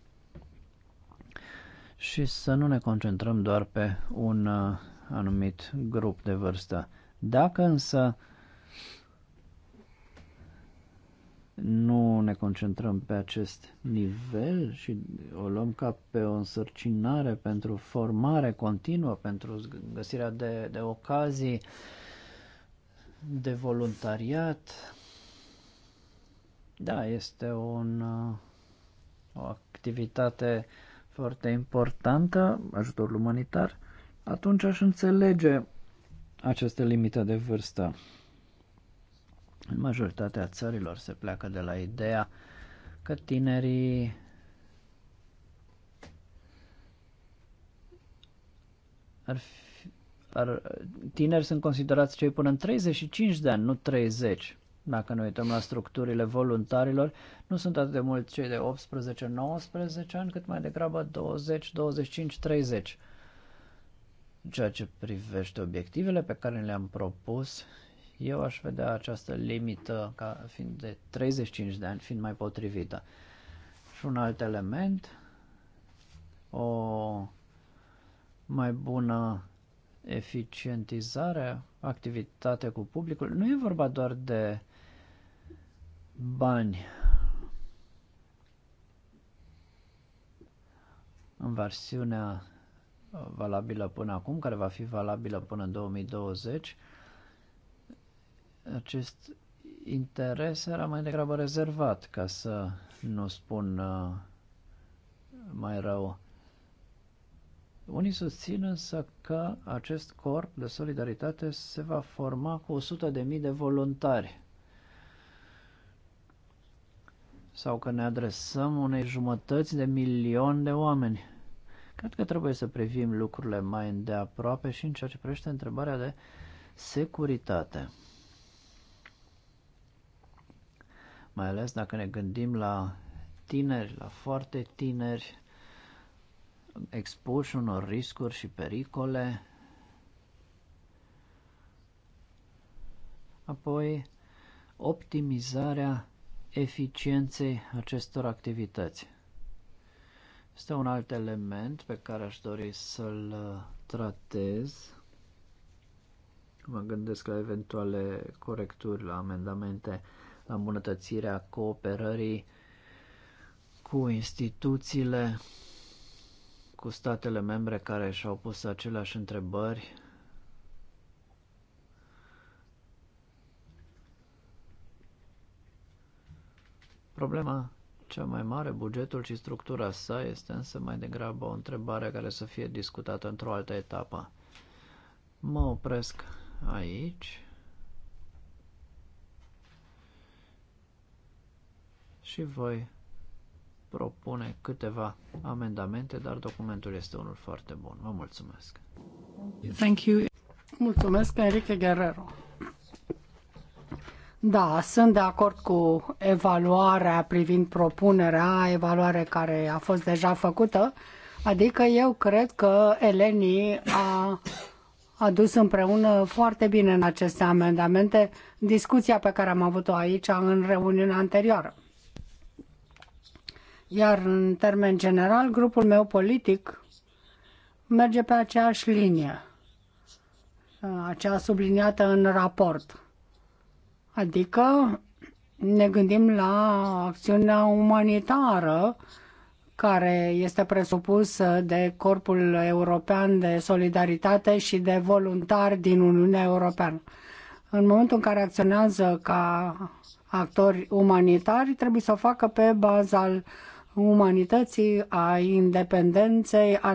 și să nu ne concentrăm doar pe un uh, anumit grup de vârstă. Dacă însă nu ne concentrăm pe acest nivel și o luăm ca pe o însărcinare pentru formare continuă, pentru găsirea de, de ocazii, de voluntariat. Da, este un, uh, o activitate foarte importantă, ajutorul umanitar, atunci aș înțelege această limită de vârstă. În majoritatea țărilor se pleacă de la ideea că tinerii ar fi, ar, tineri sunt considerați cei până în 35 de ani, nu 30. Dacă ne uităm la structurile voluntarilor, nu sunt atât de mulți cei de 18-19 ani, cât mai degrabă 20, 25, 30. Ceea ce privește obiectivele pe care le-am propus, eu aș vedea această limită ca fiind de 35 de ani, fiind mai potrivită. Și un alt element, o mai bună eficientizare, activitate cu publicul. Nu e vorba doar de bani în versiunea uh, valabilă până acum, care va fi valabilă până în 2020, acest interes era mai degrabă rezervat, ca să nu spun uh, mai rău. Unii susțin însă că acest corp de solidaritate se va forma cu 100.000 de voluntari. sau că ne adresăm unei jumătăți de milion de oameni. Cred că trebuie să privim lucrurile mai îndeaproape și în ceea ce privește întrebarea de securitate. Mai ales dacă ne gândim la tineri, la foarte tineri, expuși unor riscuri și pericole. Apoi, optimizarea eficienței acestor activități. Este un alt element pe care aș dori să-l uh, tratez. Mă gândesc la eventuale corecturi, la amendamente, la îmbunătățirea cooperării cu instituțiile, cu statele membre care și-au pus aceleași întrebări Problema cea mai mare, bugetul și structura sa, este însă mai degrabă o întrebare care să fie discutată într-o altă etapă. Mă opresc aici. și voi propune câteva amendamente, dar documentul este unul foarte bun. Vă mulțumesc. Thank you. Mulțumesc, Enrique Guerrero. Da, sunt de acord cu evaluarea privind propunerea, evaluare care a fost deja făcută. Adică eu cred că Eleni a adus împreună foarte bine în aceste amendamente discuția pe care am avut-o aici în reuniunea anterioară. Iar în termen general, grupul meu politic merge pe aceeași linie, aceea subliniată în raport Adică ne gândim la acțiunea umanitară care este presupusă de Corpul European de Solidaritate și de voluntari din Uniunea Europeană. În momentul în care acționează ca actori umanitari, trebuie să o facă pe baza al umanității, a independenței, a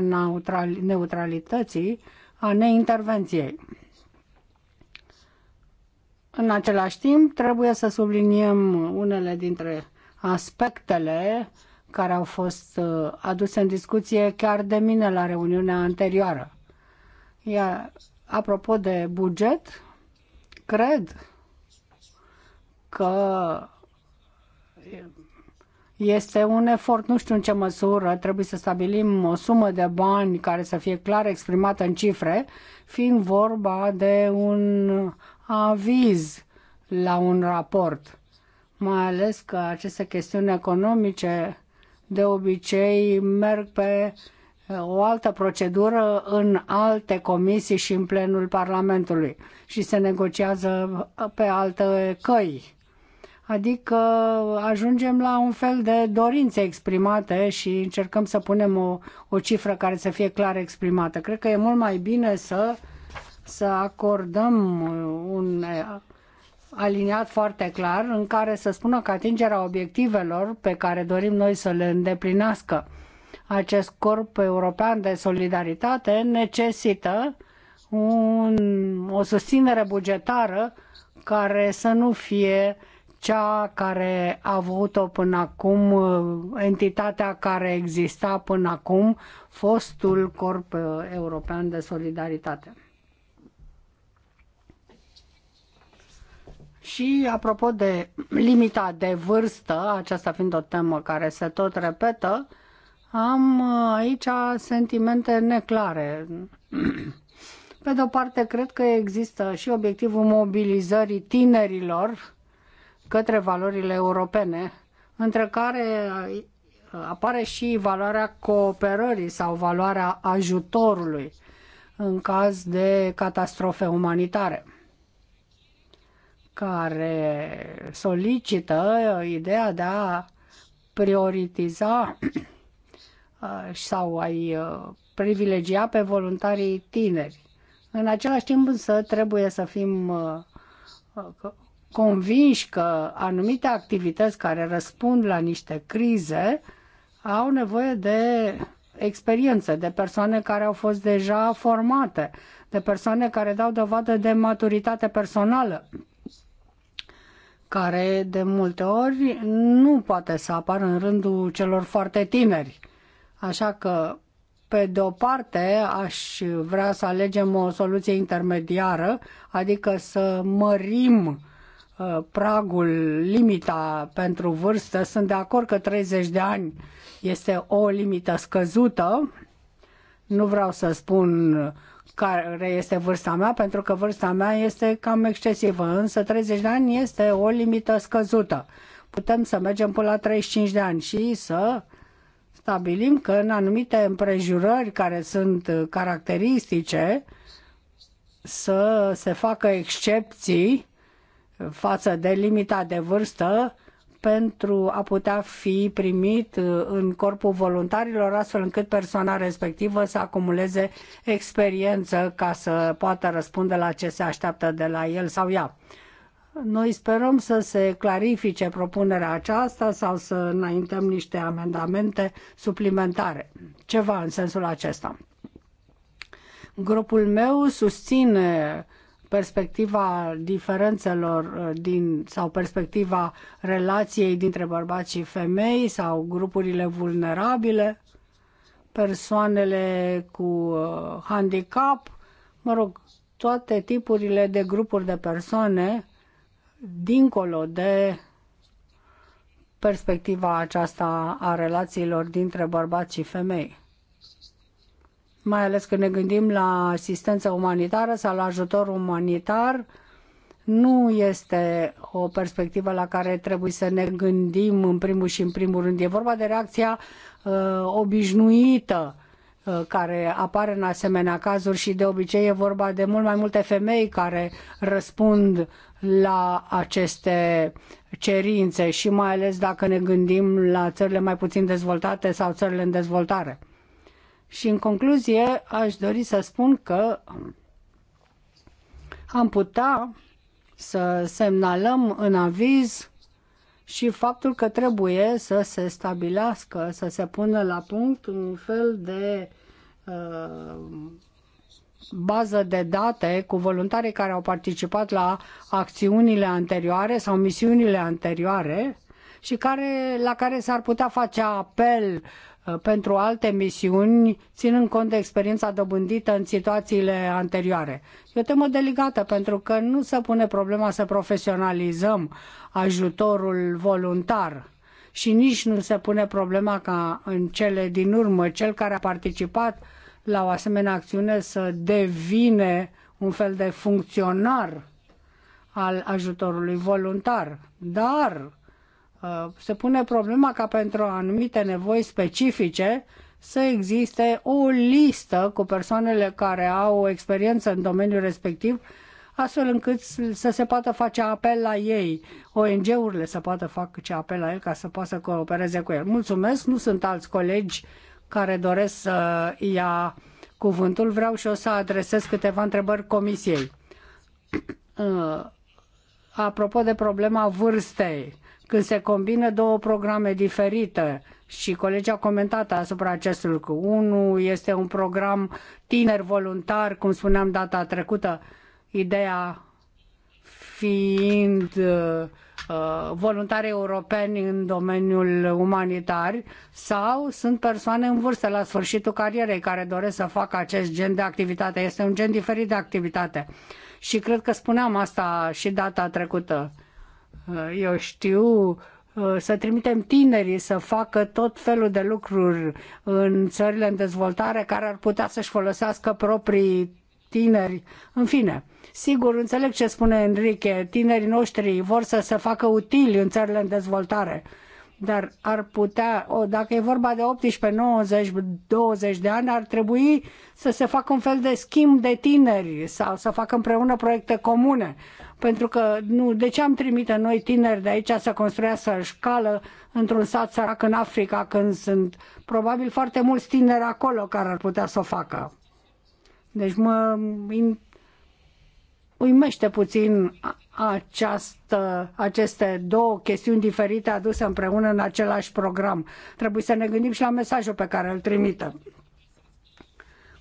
neutralității, a neintervenției. În același timp, trebuie să subliniem unele dintre aspectele care au fost uh, aduse în discuție chiar de mine la reuniunea anterioară. Iar apropo de buget, cred că este un efort, nu știu în ce măsură, trebuie să stabilim o sumă de bani care să fie clar exprimată în cifre, fiind vorba de un aviz la un raport, mai ales că aceste chestiuni economice de obicei merg pe o altă procedură în alte comisii și în plenul Parlamentului și se negociază pe alte căi. Adică ajungem la un fel de dorințe exprimate și încercăm să punem o, o cifră care să fie clar exprimată. Cred că e mult mai bine să să acordăm un aliniat foarte clar în care să spună că atingerea obiectivelor pe care dorim noi să le îndeplinească acest corp european de solidaritate necesită un, o susținere bugetară care să nu fie cea care a avut-o până acum, entitatea care exista până acum, fostul Corp European de Solidaritate. Și apropo de limita de vârstă, aceasta fiind o temă care se tot repetă, am uh, aici sentimente neclare. *clears throat* Pe de o parte, cred că există și obiectivul mobilizării tinerilor către valorile europene, între care uh, apare și valoarea cooperării sau valoarea ajutorului în caz de catastrofe umanitare care solicită ideea de a prioritiza *clears throat* uh, sau ai uh, privilegia pe voluntarii tineri. În același timp însă trebuie să fim uh, convinși că anumite activități care răspund la niște crize au nevoie de experiență, de persoane care au fost deja formate, de persoane care dau dovadă de maturitate personală care de multe ori nu poate să apară în rândul celor foarte tineri. Așa că, pe de o parte, aș vrea să alegem o soluție intermediară, adică să mărim uh, pragul, limita pentru vârstă. Sunt de acord că 30 de ani este o limită scăzută. Nu vreau să spun uh, care este vârsta mea, pentru că vârsta mea este cam excesivă, însă 30 de ani este o limită scăzută. Putem să mergem până la 35 de ani și să stabilim că în anumite împrejurări care sunt caracteristice să se facă excepții față de limita de vârstă pentru a putea fi primit uh, în corpul voluntarilor, astfel încât persoana respectivă să acumuleze experiență ca să poată răspunde la ce se așteaptă de la el sau ea. Noi sperăm să se clarifice propunerea aceasta sau să înaintăm niște amendamente suplimentare, ceva în sensul acesta. Grupul meu susține uh, perspectiva diferențelor uh, din, sau perspectiva relației dintre bărbați și femei sau grupurile vulnerabile, persoanele cu uh, handicap, mă rog, toate tipurile de grupuri de persoane dincolo de perspectiva aceasta a relațiilor dintre bărbați și femei mai ales când ne gândim la asistența umanitară sau la ajutor umanitar, nu este o perspectivă la care trebuie să ne gândim în primul și în primul rând. E vorba de reacția uh, obișnuită uh, care apare în asemenea cazuri și de obicei e vorba de mult mai multe femei care răspund la aceste cerințe și mai ales dacă ne gândim la țările mai puțin dezvoltate sau țările în dezvoltare. Și în concluzie aș dori să spun că am putea să semnalăm în aviz și faptul că trebuie să se stabilească, să se pună la punct un fel de uh, bază de date cu voluntarii care au participat la acțiunile anterioare sau misiunile anterioare și care, la care s-ar putea face apel Uh, pentru alte misiuni, ținând cont de experiența dobândită în situațiile anterioare. E o temă delicată pentru că nu se pune problema să profesionalizăm ajutorul voluntar și nici nu se pune problema ca în cele din urmă cel care a participat la o asemenea acțiune să devine un fel de funcționar al ajutorului voluntar. Dar Uh, se pune problema ca pentru anumite nevoi specifice să existe o listă cu persoanele care au o experiență în domeniul respectiv, astfel încât să se poată face apel la ei, ONG-urile să poată face apel la el ca să poată să coopereze cu el. Mulțumesc, nu sunt alți colegi care doresc să ia cuvântul. Vreau și o să adresez câteva întrebări comisiei. *clears throat* Uh, apropo de problema vârstei, când se combină două programe diferite și colegia au comentat asupra acestui lucru. Unul este un program tineri voluntar, cum spuneam data trecută, ideea fiind uh, uh, voluntari europeni în domeniul umanitar sau sunt persoane în vârstă la sfârșitul carierei care doresc să facă acest gen de activitate. Este un gen diferit de activitate. Și cred că spuneam asta și data trecută. Uh, Eh, eu știu, eh, să trimitem tinerii să facă tot felul de lucruri în țările în dezvoltare care ar putea să-și folosească proprii tineri. În fine, sigur, înțeleg ce spune Enrique, tinerii noștri vor să se facă utili în țările în dezvoltare, dar ar putea, o, dacă e vorba de 18, 90, 20 de ani, ar trebui să se facă un fel de schimb de tineri sau să facă împreună proiecte comune pentru că nu, de ce am trimite noi tineri de aici să construiască școală într-un sat sărac în Africa, când sunt probabil foarte mulți tineri acolo care ar putea să o facă? Deci mă uimește puțin această, aceste două chestiuni diferite aduse împreună în același program. Trebuie să ne gândim și la mesajul pe care îl trimitem.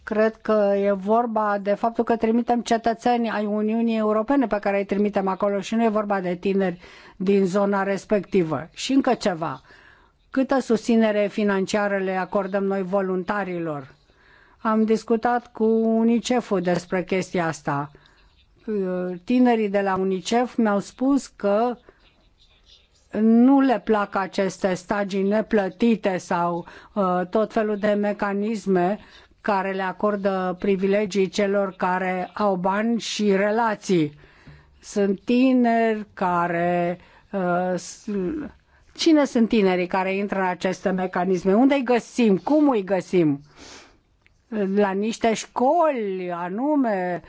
Cred că e vorba de faptul că trimitem cetățeni ai Uniunii Europene pe care îi trimitem acolo și nu e vorba de tineri din zona respectivă. Și încă ceva. Câtă susținere financiară le acordăm noi voluntarilor? Am discutat cu UNICEF-ul despre chestia asta. Tinerii de la UNICEF mi-au spus că nu le plac aceste stagii neplătite sau uh, tot felul de mecanisme care le acordă privilegii celor care au bani și relații. Sunt tineri care. Uh, cine sunt tinerii care intră în aceste mecanisme? Unde îi găsim? Cum îi găsim? la niște școli anume,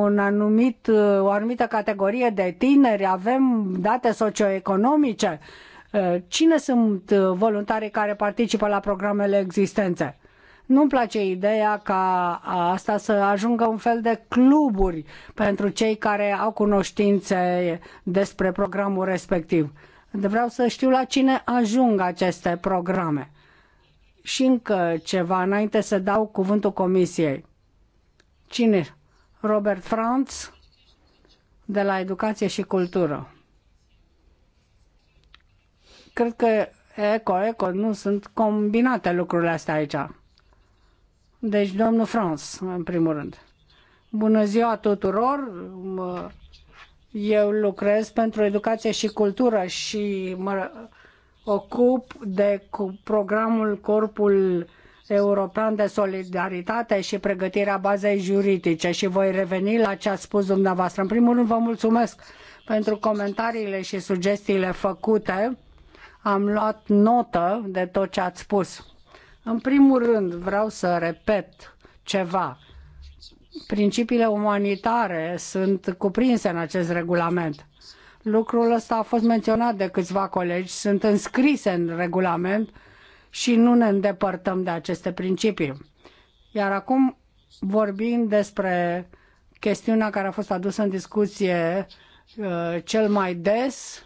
un anumit, o anumită categorie de tineri, avem date socioeconomice. Uh, cine sunt voluntarii care participă la programele existențe? Nu-mi place ideea ca asta să ajungă un fel de cluburi pentru cei care au cunoștințe despre programul respectiv. Vreau să știu la cine ajung aceste programe. Și încă ceva, înainte să dau cuvântul comisiei. Cine? Robert Franz, de la Educație și Cultură. Cred că Eco, eco, nu sunt combinate lucrurile astea aici. Deci, domnul Franz, în primul rând. Bună ziua tuturor! Eu lucrez pentru educație și cultură și mă ocup de programul Corpul European de Solidaritate și pregătirea bazei juridice și voi reveni la ce ați spus dumneavoastră. În primul rând, vă mulțumesc pentru comentariile și sugestiile făcute. Am luat notă de tot ce ați spus. În primul rând, vreau să repet ceva. Principiile umanitare sunt cuprinse în acest regulament. Lucrul ăsta a fost menționat de câțiva colegi, sunt înscrise în regulament și nu ne îndepărtăm de aceste principii. Iar acum vorbim despre chestiunea care a fost adusă în discuție uh, cel mai des,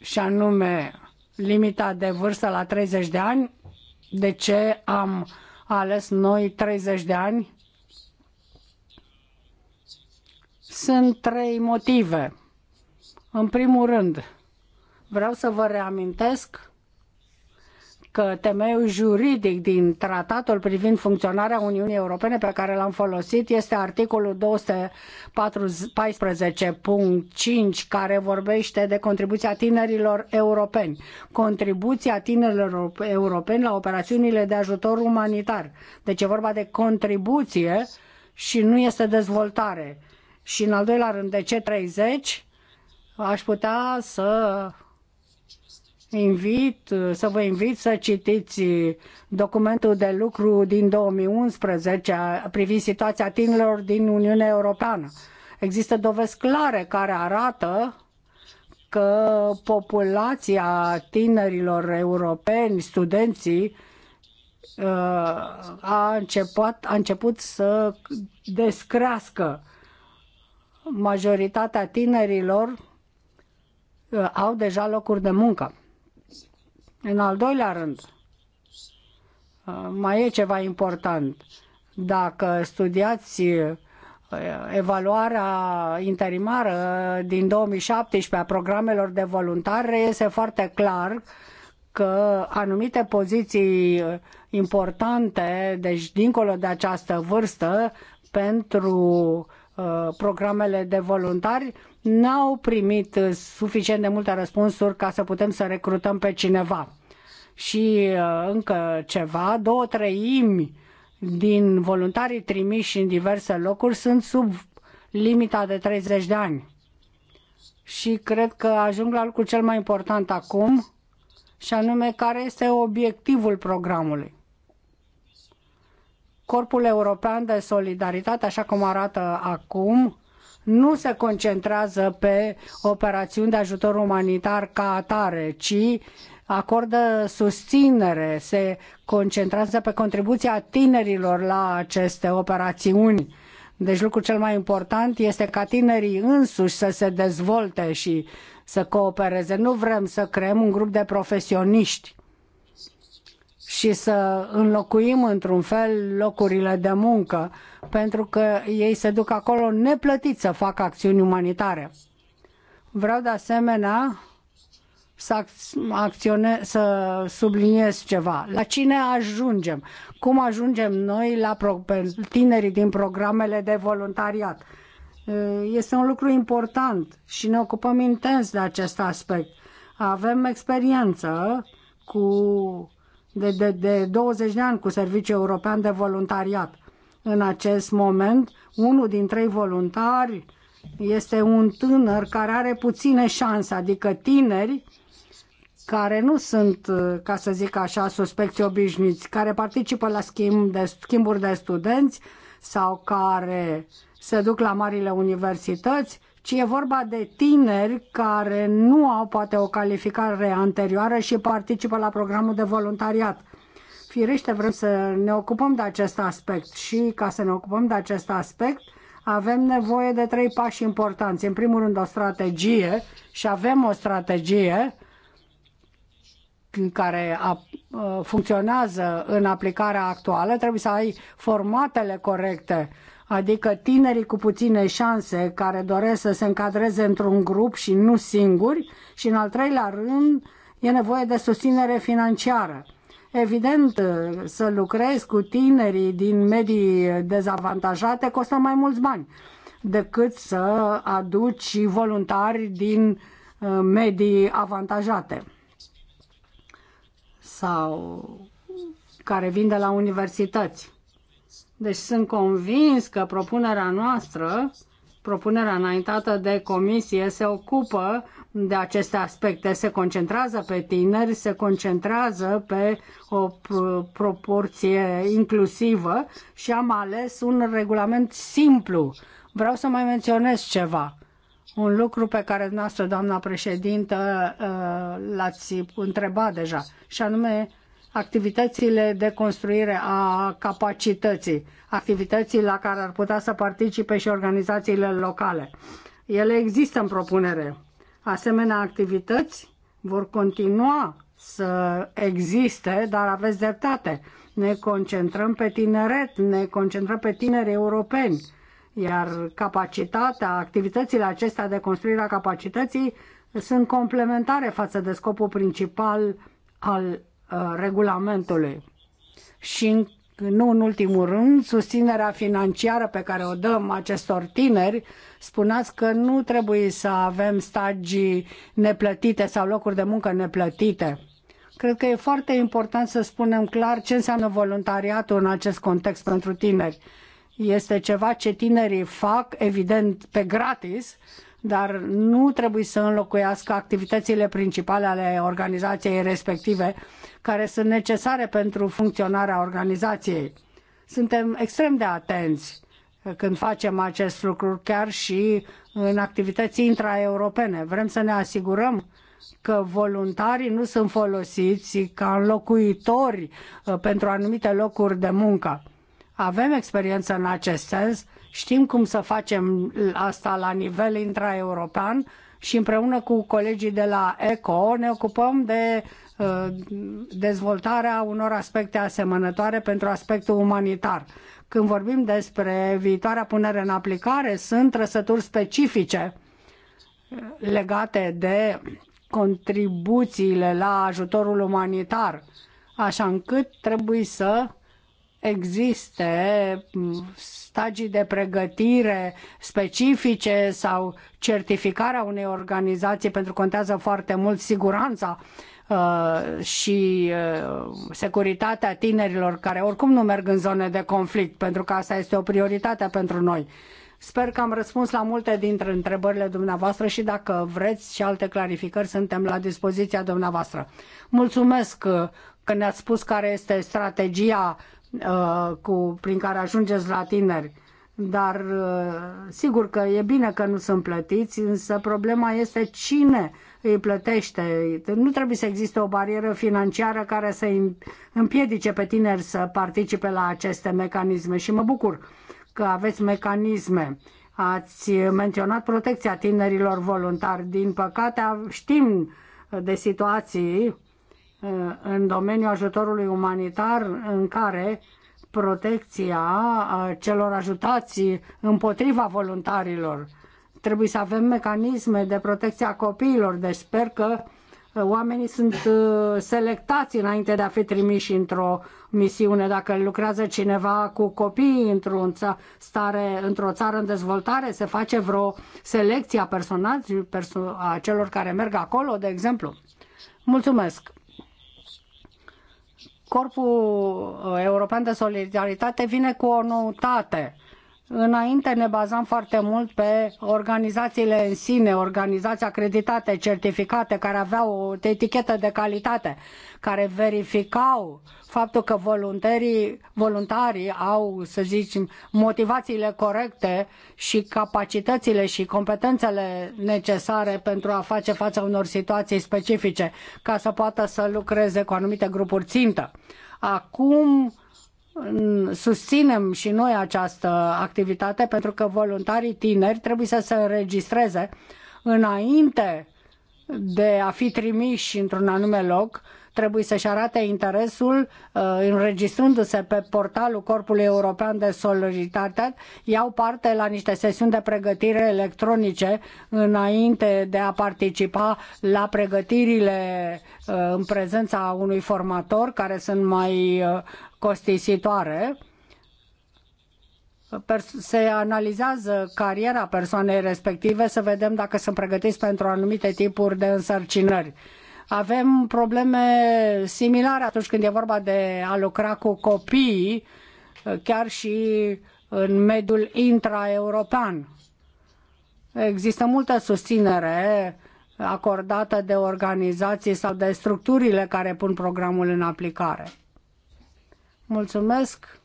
și anume limita de vârstă la 30 de ani, de ce am ales noi 30 de ani? Sunt trei motive. În primul rând, vreau să vă reamintesc că temeiul juridic din tratatul privind funcționarea Uniunii Europene pe care l-am folosit este articolul 214.5 care vorbește de contribuția tinerilor europeni. Contribuția tinerilor europeni la operațiunile de ajutor umanitar. Deci e vorba de contribuție și nu este dezvoltare. Și în al doilea rând, de ce 30? Aș putea să invit, să vă invit să citiți documentul de lucru din 2011 privind situația tinerilor din Uniunea Europeană. Există dovezi clare care arată că populația tinerilor europeni, studenții, uh, a început, a început să descrească. Majoritatea tinerilor uh, au deja locuri de muncă. În al doilea rând, mai e ceva important. Dacă studiați uh, evaluarea interimară din 2017 a programelor de voluntare, este foarte clar că anumite poziții importante, deci dincolo de această vârstă, pentru Uh, programele de voluntari n-au primit uh, suficient de multe răspunsuri ca să putem să recrutăm pe cineva. Și uh, încă ceva, două treimi din voluntarii trimiși în diverse locuri sunt sub limita de 30 de ani. Și cred că ajung la lucrul cel mai important acum, și anume care este obiectivul programului. Corpul European de Solidaritate, așa cum arată acum, nu se concentrează pe operațiuni de ajutor umanitar ca atare, ci acordă susținere, se concentrează pe contribuția tinerilor la aceste operațiuni. Deci lucrul cel mai important este ca tinerii însuși să se dezvolte și să coopereze. Nu vrem să creăm un grup de profesioniști și să înlocuim într-un fel locurile de muncă, pentru că ei se duc acolo neplătiți să facă acțiuni umanitare. Vreau de asemenea să, acționez, să subliniez ceva. La cine ajungem? Cum ajungem noi la tinerii din programele de voluntariat? Este un lucru important și ne ocupăm intens de acest aspect. Avem experiență cu de, de, de 20 de ani cu Serviciul European de Voluntariat. În acest moment, unul din trei voluntari este un tânăr care are puține șanse, adică tineri care nu sunt, ca să zic așa, suspecți obișnuiți, care participă la schimb de, schimburi de studenți sau care se duc la marile universități ci e vorba de tineri care nu au poate o calificare anterioară și participă la programul de voluntariat. Firește, vrem să ne ocupăm de acest aspect și ca să ne ocupăm de acest aspect avem nevoie de trei pași importanți. În primul rând o strategie și avem o strategie care uh, funcționează în aplicarea actuală, trebuie să ai formatele corecte adică tinerii cu puține șanse care doresc să se încadreze într-un grup și nu singuri și în al treilea rând e nevoie de susținere financiară. Evident, să lucrezi cu tinerii din medii dezavantajate costă mai mulți bani decât să aduci voluntari din uh, medii avantajate sau care vin de la universități. Deci sunt convins că propunerea noastră, propunerea înaintată de comisie, se ocupă de aceste aspecte, se concentrează pe tineri, se concentrează pe o proporție inclusivă și am ales un regulament simplu. Vreau să mai menționez ceva. Un lucru pe care noastră, doamna președintă, ă, l-ați întrebat deja, și anume activitățile de construire a capacității, activității la care ar putea să participe și organizațiile locale. Ele există în propunere. Asemenea activități vor continua să existe, dar aveți dreptate. Ne concentrăm pe tineret, ne concentrăm pe tineri europeni, iar capacitatea, activitățile acestea de construire a capacității sunt complementare față de scopul principal al Uh, regulamentului. Și nu în ultimul rând, susținerea financiară pe care o dăm acestor tineri, spuneați că nu trebuie să avem stagii neplătite sau locuri de muncă neplătite. Cred că e foarte important să spunem clar ce înseamnă voluntariatul în acest context pentru tineri. Este ceva ce tinerii fac, evident, pe gratis, dar nu trebuie să înlocuiască activitățile principale ale organizației respective, care sunt necesare pentru funcționarea organizației. Suntem extrem de atenți când facem acest lucru, chiar și în activități intraeuropene. Vrem să ne asigurăm că voluntarii nu sunt folosiți ca înlocuitori uh, pentru anumite locuri de muncă. Avem experiență în acest sens, știm cum să facem asta la nivel intraeuropean și împreună cu colegii de la ECO ne ocupăm de Uh, dezvoltarea unor aspecte asemănătoare pentru aspectul umanitar. Când vorbim despre viitoarea punere în aplicare, sunt trăsături specifice uh, legate de contribuțiile la ajutorul umanitar, așa încât trebuie să existe mm, stagii de pregătire specifice sau certificarea unei organizații, pentru că contează foarte mult siguranța Uh, și uh, securitatea tinerilor care oricum nu merg în zone de conflict, pentru că asta este o prioritate pentru noi. Sper că am răspuns la multe dintre întrebările dumneavoastră și dacă vreți și alte clarificări, suntem la dispoziția dumneavoastră. Mulțumesc uh, că ne-ați spus care este strategia cu, prin care ajungeți la tineri. Dar sigur că e bine că nu sunt plătiți, însă problema este cine îi plătește. Nu trebuie să existe o barieră financiară care să împiedice pe tineri să participe la aceste mecanisme și mă bucur că aveți mecanisme. Ați menționat protecția tinerilor voluntari. Din păcate știm de situații uh, în domeniul ajutorului umanitar în care protecția uh, celor ajutați împotriva voluntarilor Trebuie să avem mecanisme de protecție a copiilor, deci sper că uh, oamenii sunt uh, selectați înainte de a fi trimiși într-o misiune. Dacă lucrează cineva cu copii într-o stare, într-o țară în dezvoltare, se face vreo selecție a personajului, a celor care merg acolo, de exemplu. Mulțumesc! Corpul uh, European de Solidaritate vine cu o noutate Înainte ne bazam foarte mult pe organizațiile în sine, organizații acreditate, certificate, care aveau o etichetă de calitate, care verificau faptul că voluntarii, voluntarii au, să zicem, motivațiile corecte și capacitățile și competențele necesare pentru a face față unor situații specifice, ca să poată să lucreze cu anumite grupuri țintă. Acum susținem și noi această activitate pentru că voluntarii tineri trebuie să se înregistreze înainte de a fi trimiși într-un anume loc, trebuie să-și arate interesul uh, înregistrându-se pe portalul Corpului European de Solidaritate, iau parte la niște sesiuni de pregătire electronice înainte de a participa la pregătirile uh, în prezența unui formator care sunt mai uh, costisitoare, se analizează cariera persoanei respective să vedem dacă sunt pregătiți pentru anumite tipuri de însărcinări. Avem probleme similare atunci când e vorba de a lucra cu copiii, chiar și în mediul intraeuropean. Există multă susținere acordată de organizații sau de structurile care pun programul în aplicare. Mulțumesc.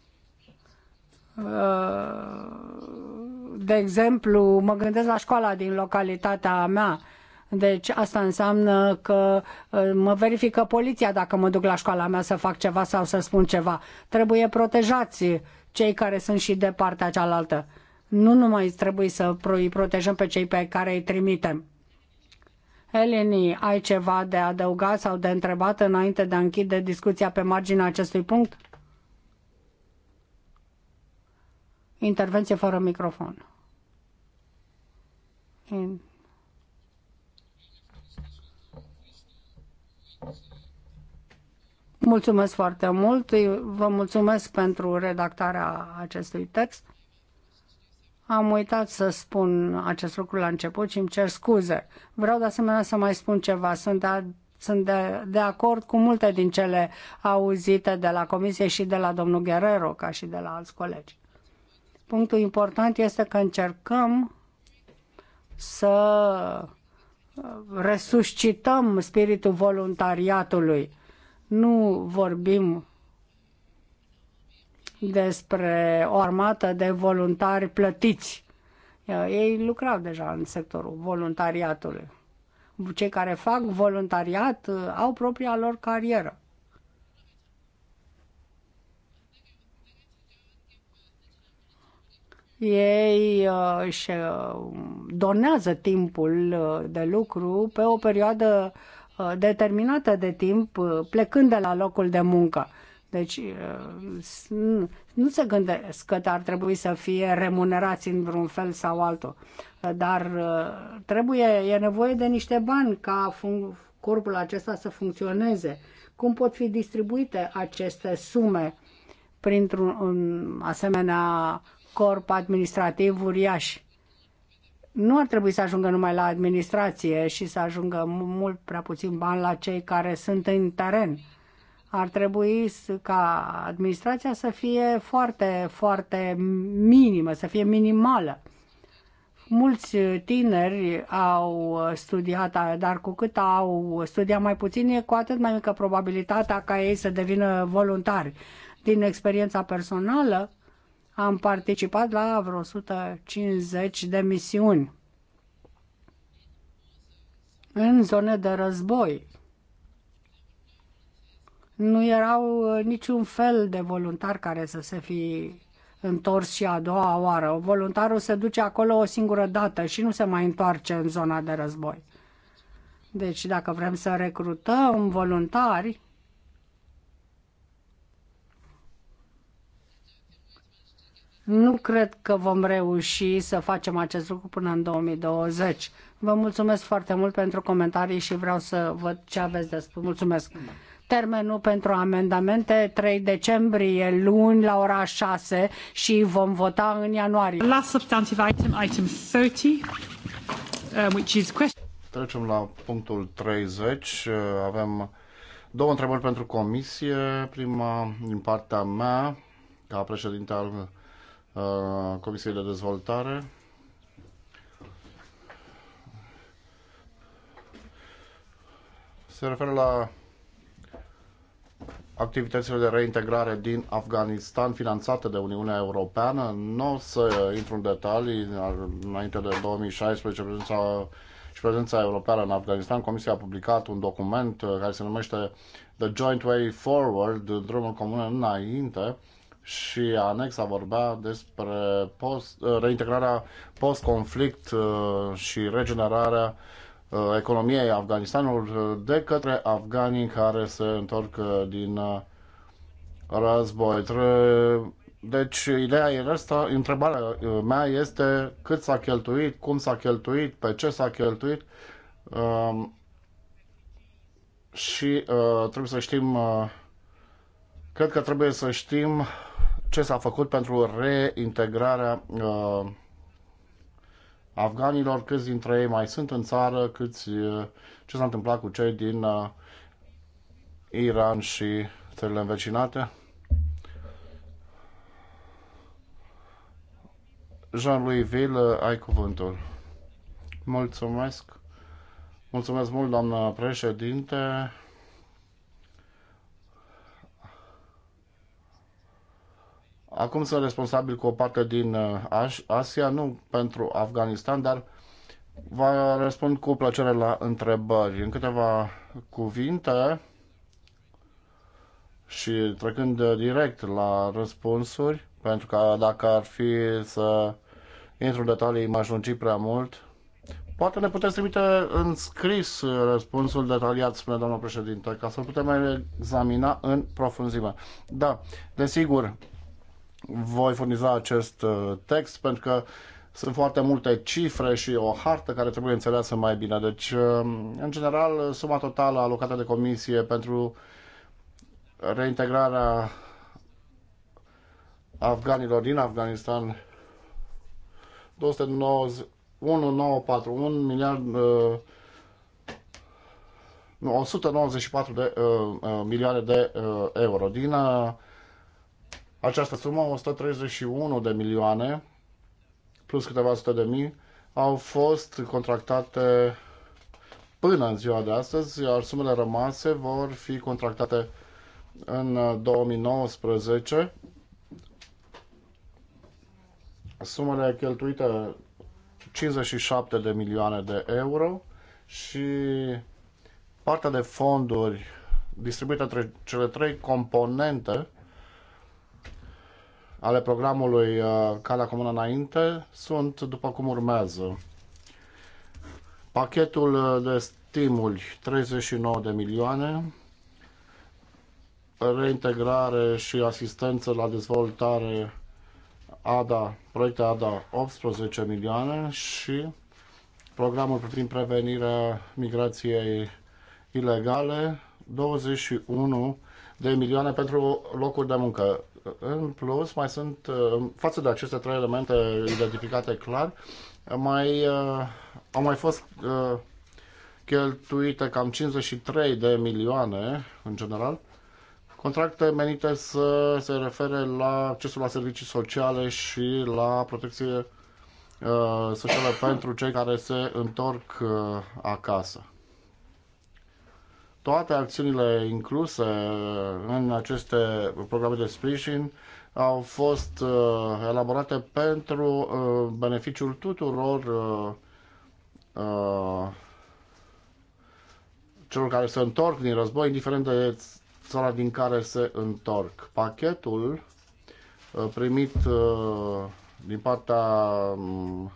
De exemplu, mă gândesc la școala din localitatea mea. Deci asta înseamnă că uh, mă verifică poliția dacă mă duc la școala mea să fac ceva sau să spun ceva. Trebuie protejați cei care sunt și de partea cealaltă. Nu numai trebuie să îi protejăm pe cei pe care îi trimitem. Eleni, ai ceva de adăugat sau de întrebat înainte de a închide discuția pe marginea acestui punct? Intervenție fără microfon. In... Mulțumesc foarte mult. Vă mulțumesc pentru redactarea acestui text. Am uitat să spun acest lucru la început și îmi cer scuze. Vreau de asemenea să mai spun ceva. Sunt de, sunt de, de acord cu multe din cele auzite de la comisie și de la domnul Guerrero, ca și de la alți colegi. Punctul important este că încercăm să uh, resuscităm spiritul voluntariatului. Nu vorbim despre o armată de voluntari plătiți. Uh, ei lucrau deja în sectorul voluntariatului. Cei care fac voluntariat uh, au propria lor carieră. Ei uh, își uh, donează timpul uh, de lucru pe o perioadă determinată de timp, plecând de la locul de muncă. Deci nu se gândesc că ar trebui să fie remunerați în vreun fel sau altul, dar trebuie, e nevoie de niște bani ca corpul acesta să funcționeze. Cum pot fi distribuite aceste sume printr-un asemenea corp administrativ uriaș. Nu ar trebui să ajungă numai la administrație și să ajungă mult prea puțin bani la cei care sunt în teren. Ar trebui ca administrația să fie foarte, foarte minimă, să fie minimală. Mulți tineri au studiat, dar cu cât au studiat mai puțin, e cu atât mai mică probabilitatea ca ei să devină voluntari. Din experiența personală, am participat la vreo 150 de misiuni în zone de război. Nu erau uh, niciun fel de voluntar care să se fi întors și a doua oară. Voluntarul se duce acolo o singură dată și nu se mai întoarce în zona de război. Deci dacă vrem să recrutăm voluntari, Nu cred că vom reuși să facem acest lucru până în 2020. Vă mulțumesc foarte mult pentru comentarii și vreau să văd ce aveți de spus. Mulțumesc. Termenul pentru amendamente 3 decembrie, luni la ora 6 și vom vota în ianuarie. Last substantive item, item 30, uh, which is question... Trecem la punctul 30. Uh, avem două întrebări pentru comisie. Prima din partea mea, ca președinte al Uh, Comisiei de Dezvoltare. Se referă la activitățile de reintegrare din Afganistan finanțate de Uniunea Europeană. Nu o să intru în detalii. Înainte de 2016, prezența și prezența europeană în Afganistan, Comisia a publicat un document uh, care se numește The Joint Way Forward, drumul comun înainte, și anexa vorbea despre post, uh, reintegrarea post-conflict uh, și regenerarea uh, economiei Afganistanului de către afganii care se întorc din război. Deci, ideea e asta. Întrebarea mea este cât s-a cheltuit, cum s-a cheltuit, pe ce s-a cheltuit um, și trebuie să știm, cred că trebuie să știm ce s-a făcut pentru reintegrarea uh, afganilor, câți dintre ei mai sunt în țară, câți, uh, ce s-a întâmplat cu cei din uh, Iran și țările învecinate. Jean-Louis Ville, ai cuvântul. Mulțumesc. Mulțumesc mult, doamnă președinte. Acum sunt responsabil cu o parte din uh, Asia, nu pentru Afganistan, dar vă răspund cu plăcere la întrebări. În câteva cuvinte și trecând direct la răspunsuri, pentru că dacă ar fi să intru în detalii, m-aș lungi prea mult. Poate ne puteți trimite în scris răspunsul detaliat, spune doamna președinte, ca să-l putem examina în profunzime. Da, desigur, voi furniza acest uh, text pentru că sunt foarte multe cifre și o hartă care trebuie înțeleasă mai bine. Deci, uh, în general, suma totală alocată de comisie pentru reintegrarea afganilor din Afganistan 1941 miliard uh, 194 de uh, uh, milioane de uh, euro. Din uh, această sumă, 131 de milioane, plus câteva sute de mii, au fost contractate până în ziua de astăzi, iar sumele rămase vor fi contractate în 2019. Sumele cheltuite 57 de milioane de euro și partea de fonduri distribuită între cele trei componente ale programului uh, Calea Comună Înainte sunt după cum urmează. Pachetul uh, de stimuli 39 de milioane, reintegrare și asistență la dezvoltare ADA, proiecte ADA 18 milioane și programul privind prevenirea migrației ilegale 21 de milioane pentru locuri de muncă. În plus, mai sunt, uh, față de aceste trei elemente identificate clar, mai, uh, au mai fost uh, cheltuite cam 53 de milioane, în general, contracte menite să se refere la accesul la servicii sociale și la protecție socială pentru cei care se întorc acasă toate acțiunile incluse în aceste programe de sprijin au fost uh, elaborate pentru uh, beneficiul tuturor uh, uh, celor care se întorc din război, indiferent de țara din care se întorc. Pachetul uh, primit uh, din partea uh,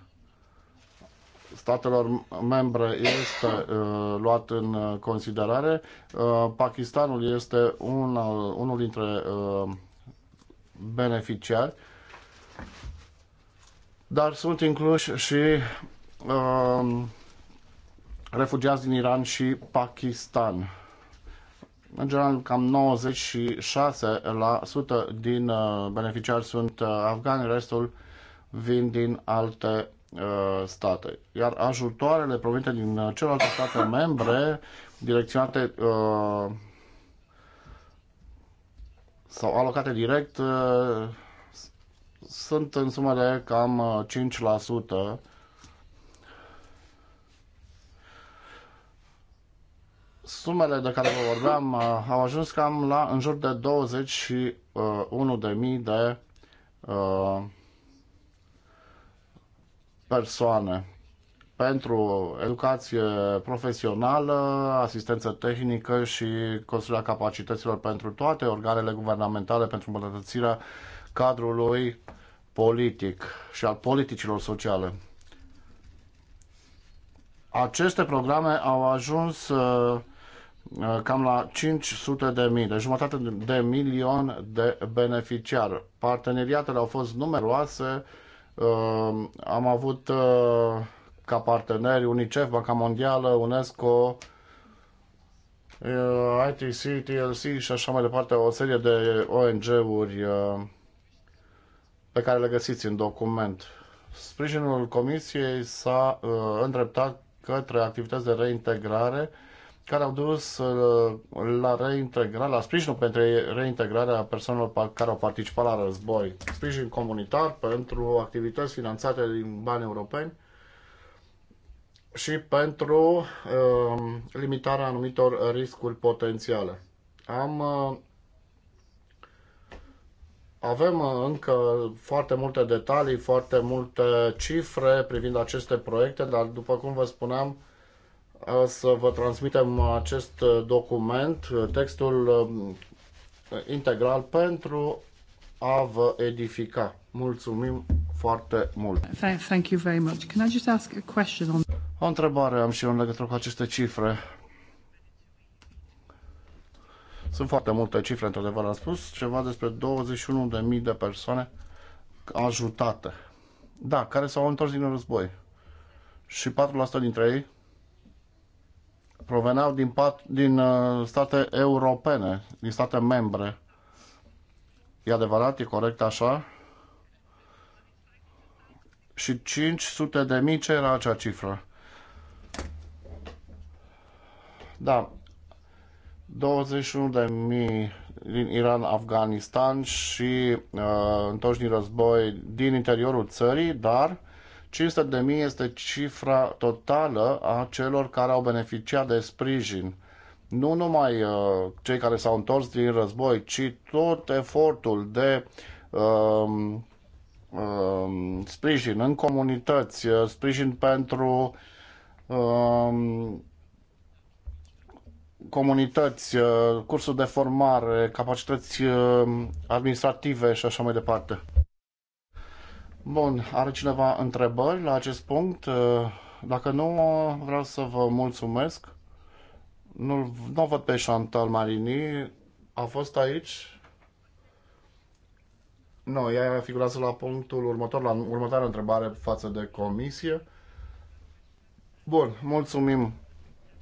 statelor membre este uh, luat în uh, considerare. Uh, Pakistanul este un, uh, unul dintre uh, beneficiari, dar sunt incluși și uh, refugiați din Iran și Pakistan. În general, cam 96% din uh, beneficiari sunt uh, afgani, restul vin din alte Uh, state. Iar ajutoarele provenite din uh, celelalte state membre, direcționate uh, sau alocate direct, sunt în sumă de cam 5%. Sumele de care vă vorbeam au ajuns cam la în jur de 21.000 de uh, persoane pentru educație profesională, asistență tehnică și construirea capacităților pentru toate organele guvernamentale pentru îmbunătățirea cadrului politic și al politicilor sociale. Aceste programe au ajuns uh, uh, cam la 500 de mii, de deci jumătate de milion de beneficiari. Parteneriatele au fost numeroase, am avut uh, ca parteneri UNICEF, Banca Mondială, UNESCO, uh, ITC, TLC și așa mai departe, o serie de ONG-uri uh, pe care le găsiți în document. Sprijinul Comisiei s-a îndreptat către activități de reintegrare care au dus uh, la reintegrare, la sprijinul pentru reintegrarea persoanelor care au participat la război, sprijin comunitar pentru activități finanțate din bani europeni și pentru uh, limitarea anumitor riscuri potențiale. Am uh, avem uh, încă foarte multe detalii, foarte multe cifre privind aceste proiecte, dar după cum vă spuneam, să vă transmitem acest document, textul eh, integral pentru a vă edifica. Mulțumim foarte mult. Thank you very much. Can I just ask a question on... O întrebare am și eu în legătură cu aceste cifre. Sunt foarte multe cifre, într-adevăr am spus, ceva despre 21.000 de persoane ajutate. Da, care s-au întors din război. Și 4% dintre ei proveneau din, pat, din uh, state europene, din state membre. E adevărat, e corect așa? Și 500 de mii, ce era acea cifră? Da, 21 de mii din Iran, Afganistan și uh, întoși din război din interiorul țării, dar 500.000 de mii este cifra totală a celor care au beneficiat de sprijin. Nu numai uh, cei care s-au întors din război, ci tot efortul de uh, uh, sprijin în comunități, uh, sprijin pentru uh, comunități, uh, cursuri de formare, capacități uh, administrative și așa mai departe. Bun, are cineva întrebări la acest punct? Uh, dacă nu, vreau să vă mulțumesc. Nu, nu văd pe Chantal Marini. A fost aici? Nu, ea figurat la punctul următor, la următoarea întrebare față de comisie. Bun, mulțumim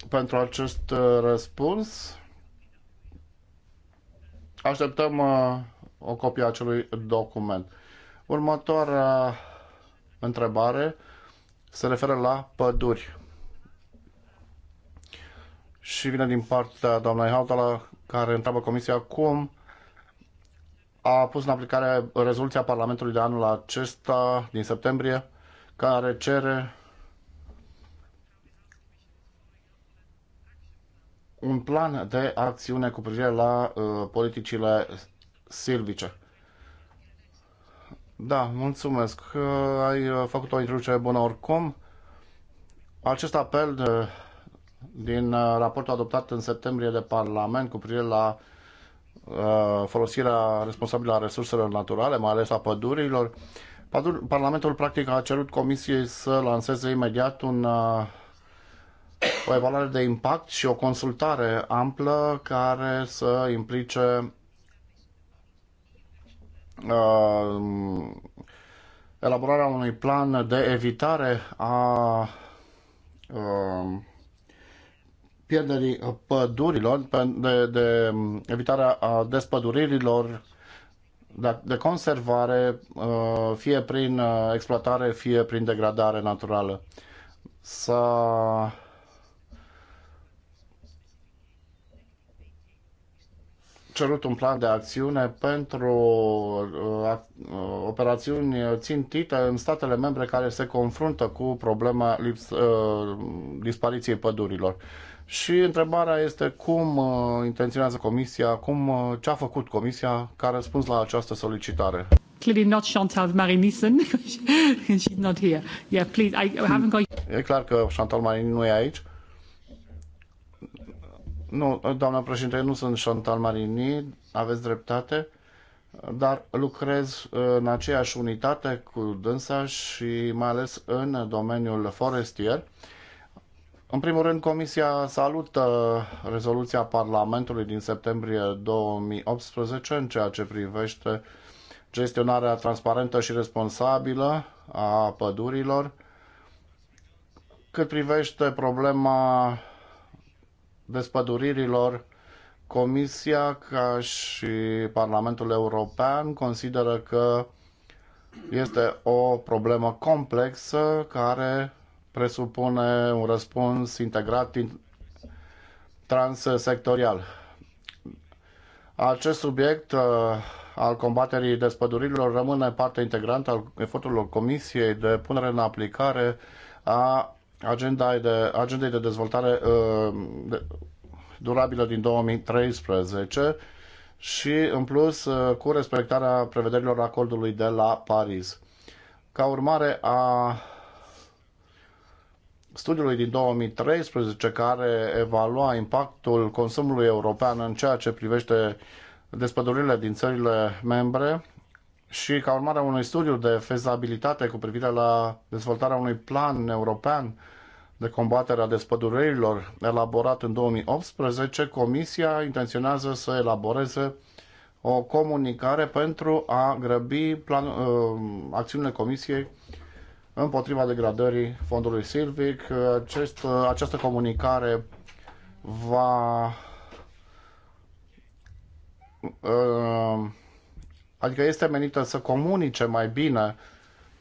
pentru acest uh, răspuns. Așteptăm uh, o copie a acelui document. Următoarea întrebare se referă la păduri. Și vine din partea doamnei Hautala, care întreabă Comisia cum a pus în aplicare rezoluția Parlamentului de anul acesta, din septembrie, care cere un plan de acțiune cu privire la uh, politicile silvice. Da, mulțumesc. Ai uh, făcut o introducere bună oricum. Acest apel de, din uh, raportul adoptat în septembrie de Parlament cu privire la uh, folosirea responsabilă a resurselor naturale, mai ales a pădurilor, Parlamentul practic a cerut Comisiei să lanseze imediat un, uh, o evaluare de impact și o consultare amplă care să implice Uh, elaborarea unui plan de evitare a uh, pierderii pădurilor, de, de evitarea a despăduririlor, de, de conservare, uh, fie prin exploatare, fie prin degradare naturală. S-a cerut un plan de acțiune pentru uh, uh, operațiuni țintite în statele membre care se confruntă cu problema lips- uh, dispariției pădurilor. Și întrebarea este cum intenționează Comisia, cum, ce a făcut Comisia ca răspuns la această solicitare? Clearly not Chantal Marie Nissen, *laughs* she's not here. Yeah, please, I haven't got... E clar că Chantal Marie nu e aici. Nu, doamna președinte, nu sunt Chantal Marini, aveți dreptate, dar lucrez în aceeași unitate cu dânsa și mai ales în domeniul forestier. În primul rând, Comisia salută rezoluția Parlamentului din septembrie 2018 în ceea ce privește gestionarea transparentă și responsabilă a pădurilor. Cât privește problema despăduririlor, Comisia, ca și Parlamentul European, consideră că este o problemă complexă care presupune un răspuns integrat transsectorial. Acest subiect uh, al combaterii despădurilor rămâne parte integrantă al eforturilor Comisiei de punere în aplicare a agendei de, agendei de dezvoltare uh, de, durabilă din 2013 și, în plus, uh, cu respectarea prevederilor acordului de la Paris. Ca urmare a studiului din 2013 care evalua impactul consumului european în ceea ce privește despăduririle din țările membre, și ca urmare a unui studiu de fezabilitate cu privire la dezvoltarea unui plan european de combatere a despădurărilor elaborat în 2018, Comisia intenționează să elaboreze o comunicare pentru a grăbi plan, uh, acțiunile Comisiei împotriva degradării fondului silvic. Uh, acest, uh, această comunicare va uh, Adică este menită să comunice mai bine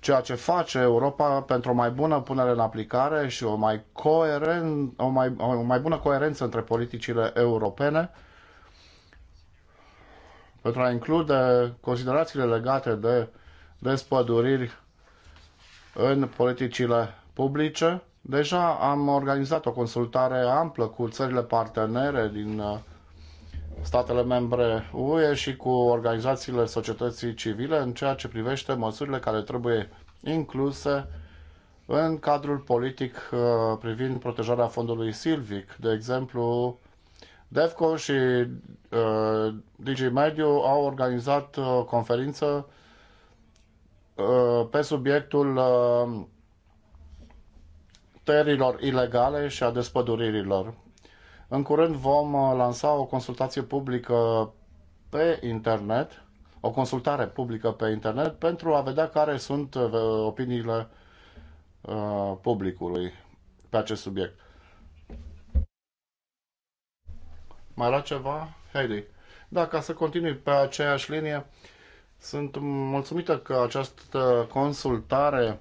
ceea ce face Europa pentru o mai bună punere în aplicare și o mai, coeren, o mai, o mai bună coerență între politicile europene pentru a include considerațiile legate de despăduriri în politicile publice. Deja am organizat o consultare amplă cu țările partenere din uh, statele membre UE și cu organizațiile societății civile în ceea ce privește măsurile care trebuie incluse în cadrul politic uh, privind protejarea fondului silvic. De exemplu, DEFCO și uh, DG Mediu au organizat o uh, conferință uh, pe subiectul terilor tăierilor ilegale și a despăduririlor. În curând vom uh, lansa o consultație publică pe internet, o consultare publică pe internet pentru a vedea care sunt uh, opiniile uh, publicului pe acest subiect. Mai la ceva? Heidi. Da, ca să continui pe aceeași linie, sunt mulțumită că această consultare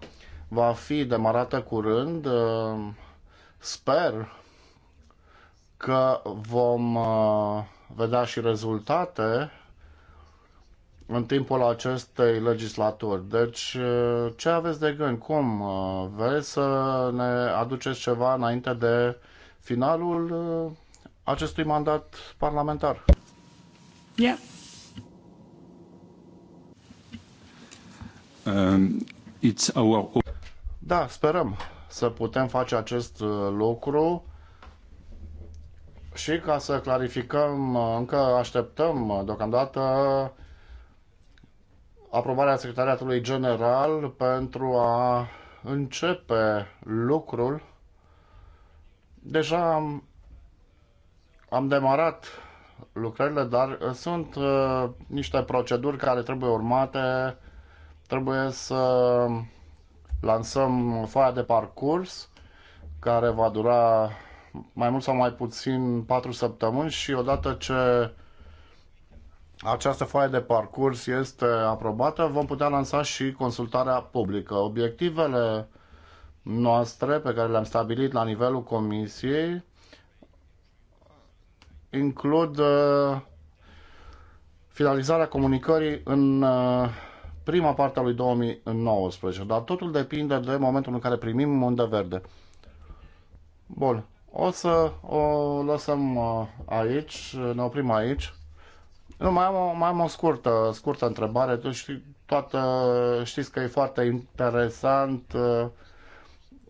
va fi demarată curând. Sper că vom uh, vedea și rezultate în timpul acestei legislaturi. Deci, uh, ce aveți de gând? Cum? Uh, vreți să ne aduceți ceva înainte de finalul acestui mandat parlamentar? Yeah. Um, it's our... Da, sperăm să putem face acest lucru și ca să clarificăm, încă așteptăm deocamdată aprobarea Secretariatului General pentru a începe lucrul. Deja am, am demarat lucrările, dar sunt uh, niște proceduri care trebuie urmate. Trebuie să lansăm foaia de parcurs care va dura mai mult sau mai puțin patru săptămâni și odată ce această foaie de parcurs este aprobată, vom putea lansa și consultarea publică. Obiectivele noastre pe care le-am stabilit la nivelul comisiei includ uh, finalizarea comunicării în uh, prima parte a lui 2019, dar totul depinde de momentul în care primim undă verde. Bun. O să o lăsăm uh, aici, ne oprim aici. Nu, mai am o, mai am o scurtă, scurtă întrebare. Tu știi, toată, știți că e foarte interesant. Uh,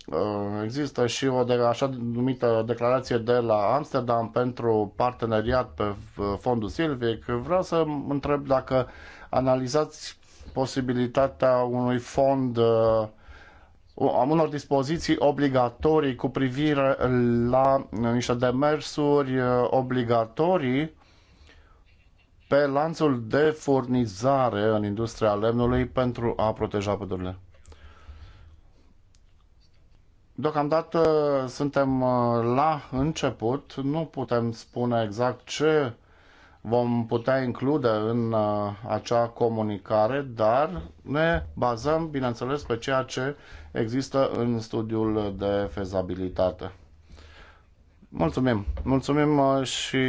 uh, există și o de, așa numită declarație de la Amsterdam pentru parteneriat pe fondul Silvic. Vreau să întreb dacă analizați posibilitatea unui fond uh, am unor dispoziții obligatorii cu privire la uh, niște demersuri uh, obligatorii pe lanțul de furnizare în industria lemnului pentru a proteja pădurile. Deocamdată uh, suntem la început, nu putem spune exact ce vom putea include în uh, acea comunicare, dar ne bazăm, bineînțeles, pe ceea ce există în studiul de fezabilitate. Mulțumim! Mulțumim uh, și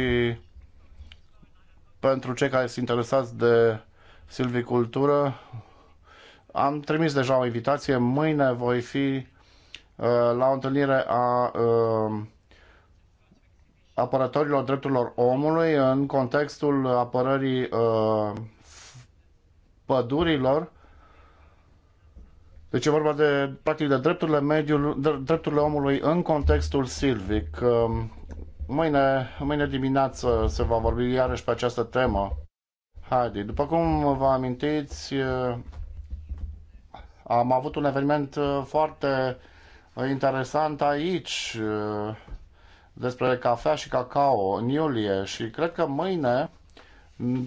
pentru cei care sunt interesați de silvicultură. Am trimis deja o invitație. Mâine voi fi uh, la o întâlnire a apărătorilor drepturilor omului în contextul apărării uh, pădurilor. Deci e vorba de, practic, de drepturile, mediul, de drepturile omului în contextul silvic. Uh, mâine, mâine dimineață se va vorbi iarăși pe această temă. Haide, după cum vă amintiți, uh, am avut un eveniment uh, foarte interesant aici, uh, despre cafea și cacao în iulie și cred că mâine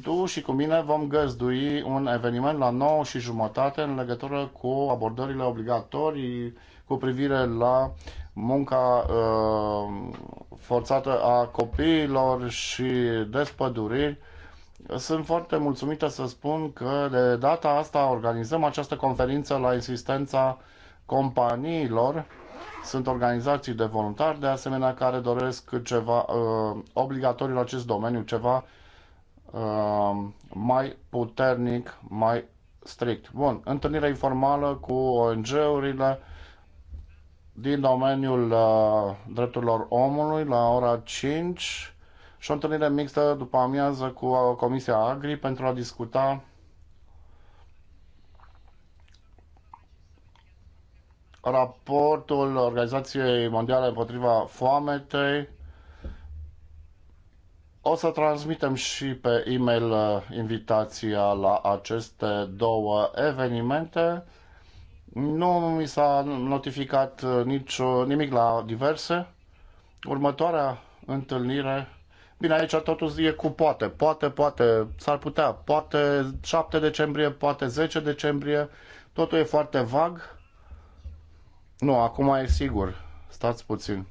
tu și cu mine vom găzdui un eveniment la 9 și jumătate în legătură cu abordările obligatorii cu privire la munca uh, forțată a copiilor și despăduriri. Sunt foarte mulțumită să spun că de data asta organizăm această conferință la insistența companiilor sunt organizații de voluntari, de asemenea, care doresc ceva uh, obligatoriu în acest domeniu, ceva uh, mai puternic, mai strict. Bun, întâlnire informală cu ONG-urile din domeniul uh, drepturilor omului la ora 5 și o întâlnire mixtă după amiază cu Comisia Agri pentru a discuta raportul Organizației Mondiale împotriva foametei. O să transmitem și pe e-mail uh, invitația la aceste două evenimente. Nu mi s-a notificat uh, nicio, nimic la diverse. Următoarea întâlnire. Bine, aici totul e cu poate. Poate, poate, s-ar putea. Poate 7 decembrie, poate 10 decembrie. Totul e foarte vag. Nu, acum e sigur. Stați puțin.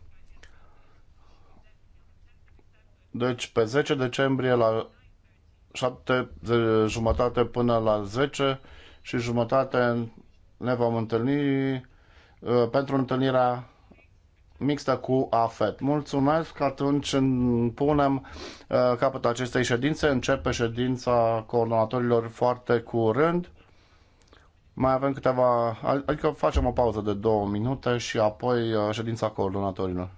Deci pe 10 decembrie la 7 de jumătate până la 10 și jumătate ne vom întâlni uh, pentru întâlnirea mixtă cu AFET. Mulțumesc, că atunci punem uh, capăt acestei ședințe, începe ședința coordonatorilor foarte curând. Mai avem câteva, adică facem o pauză de două minute și apoi uh, ședința coordonatorilor.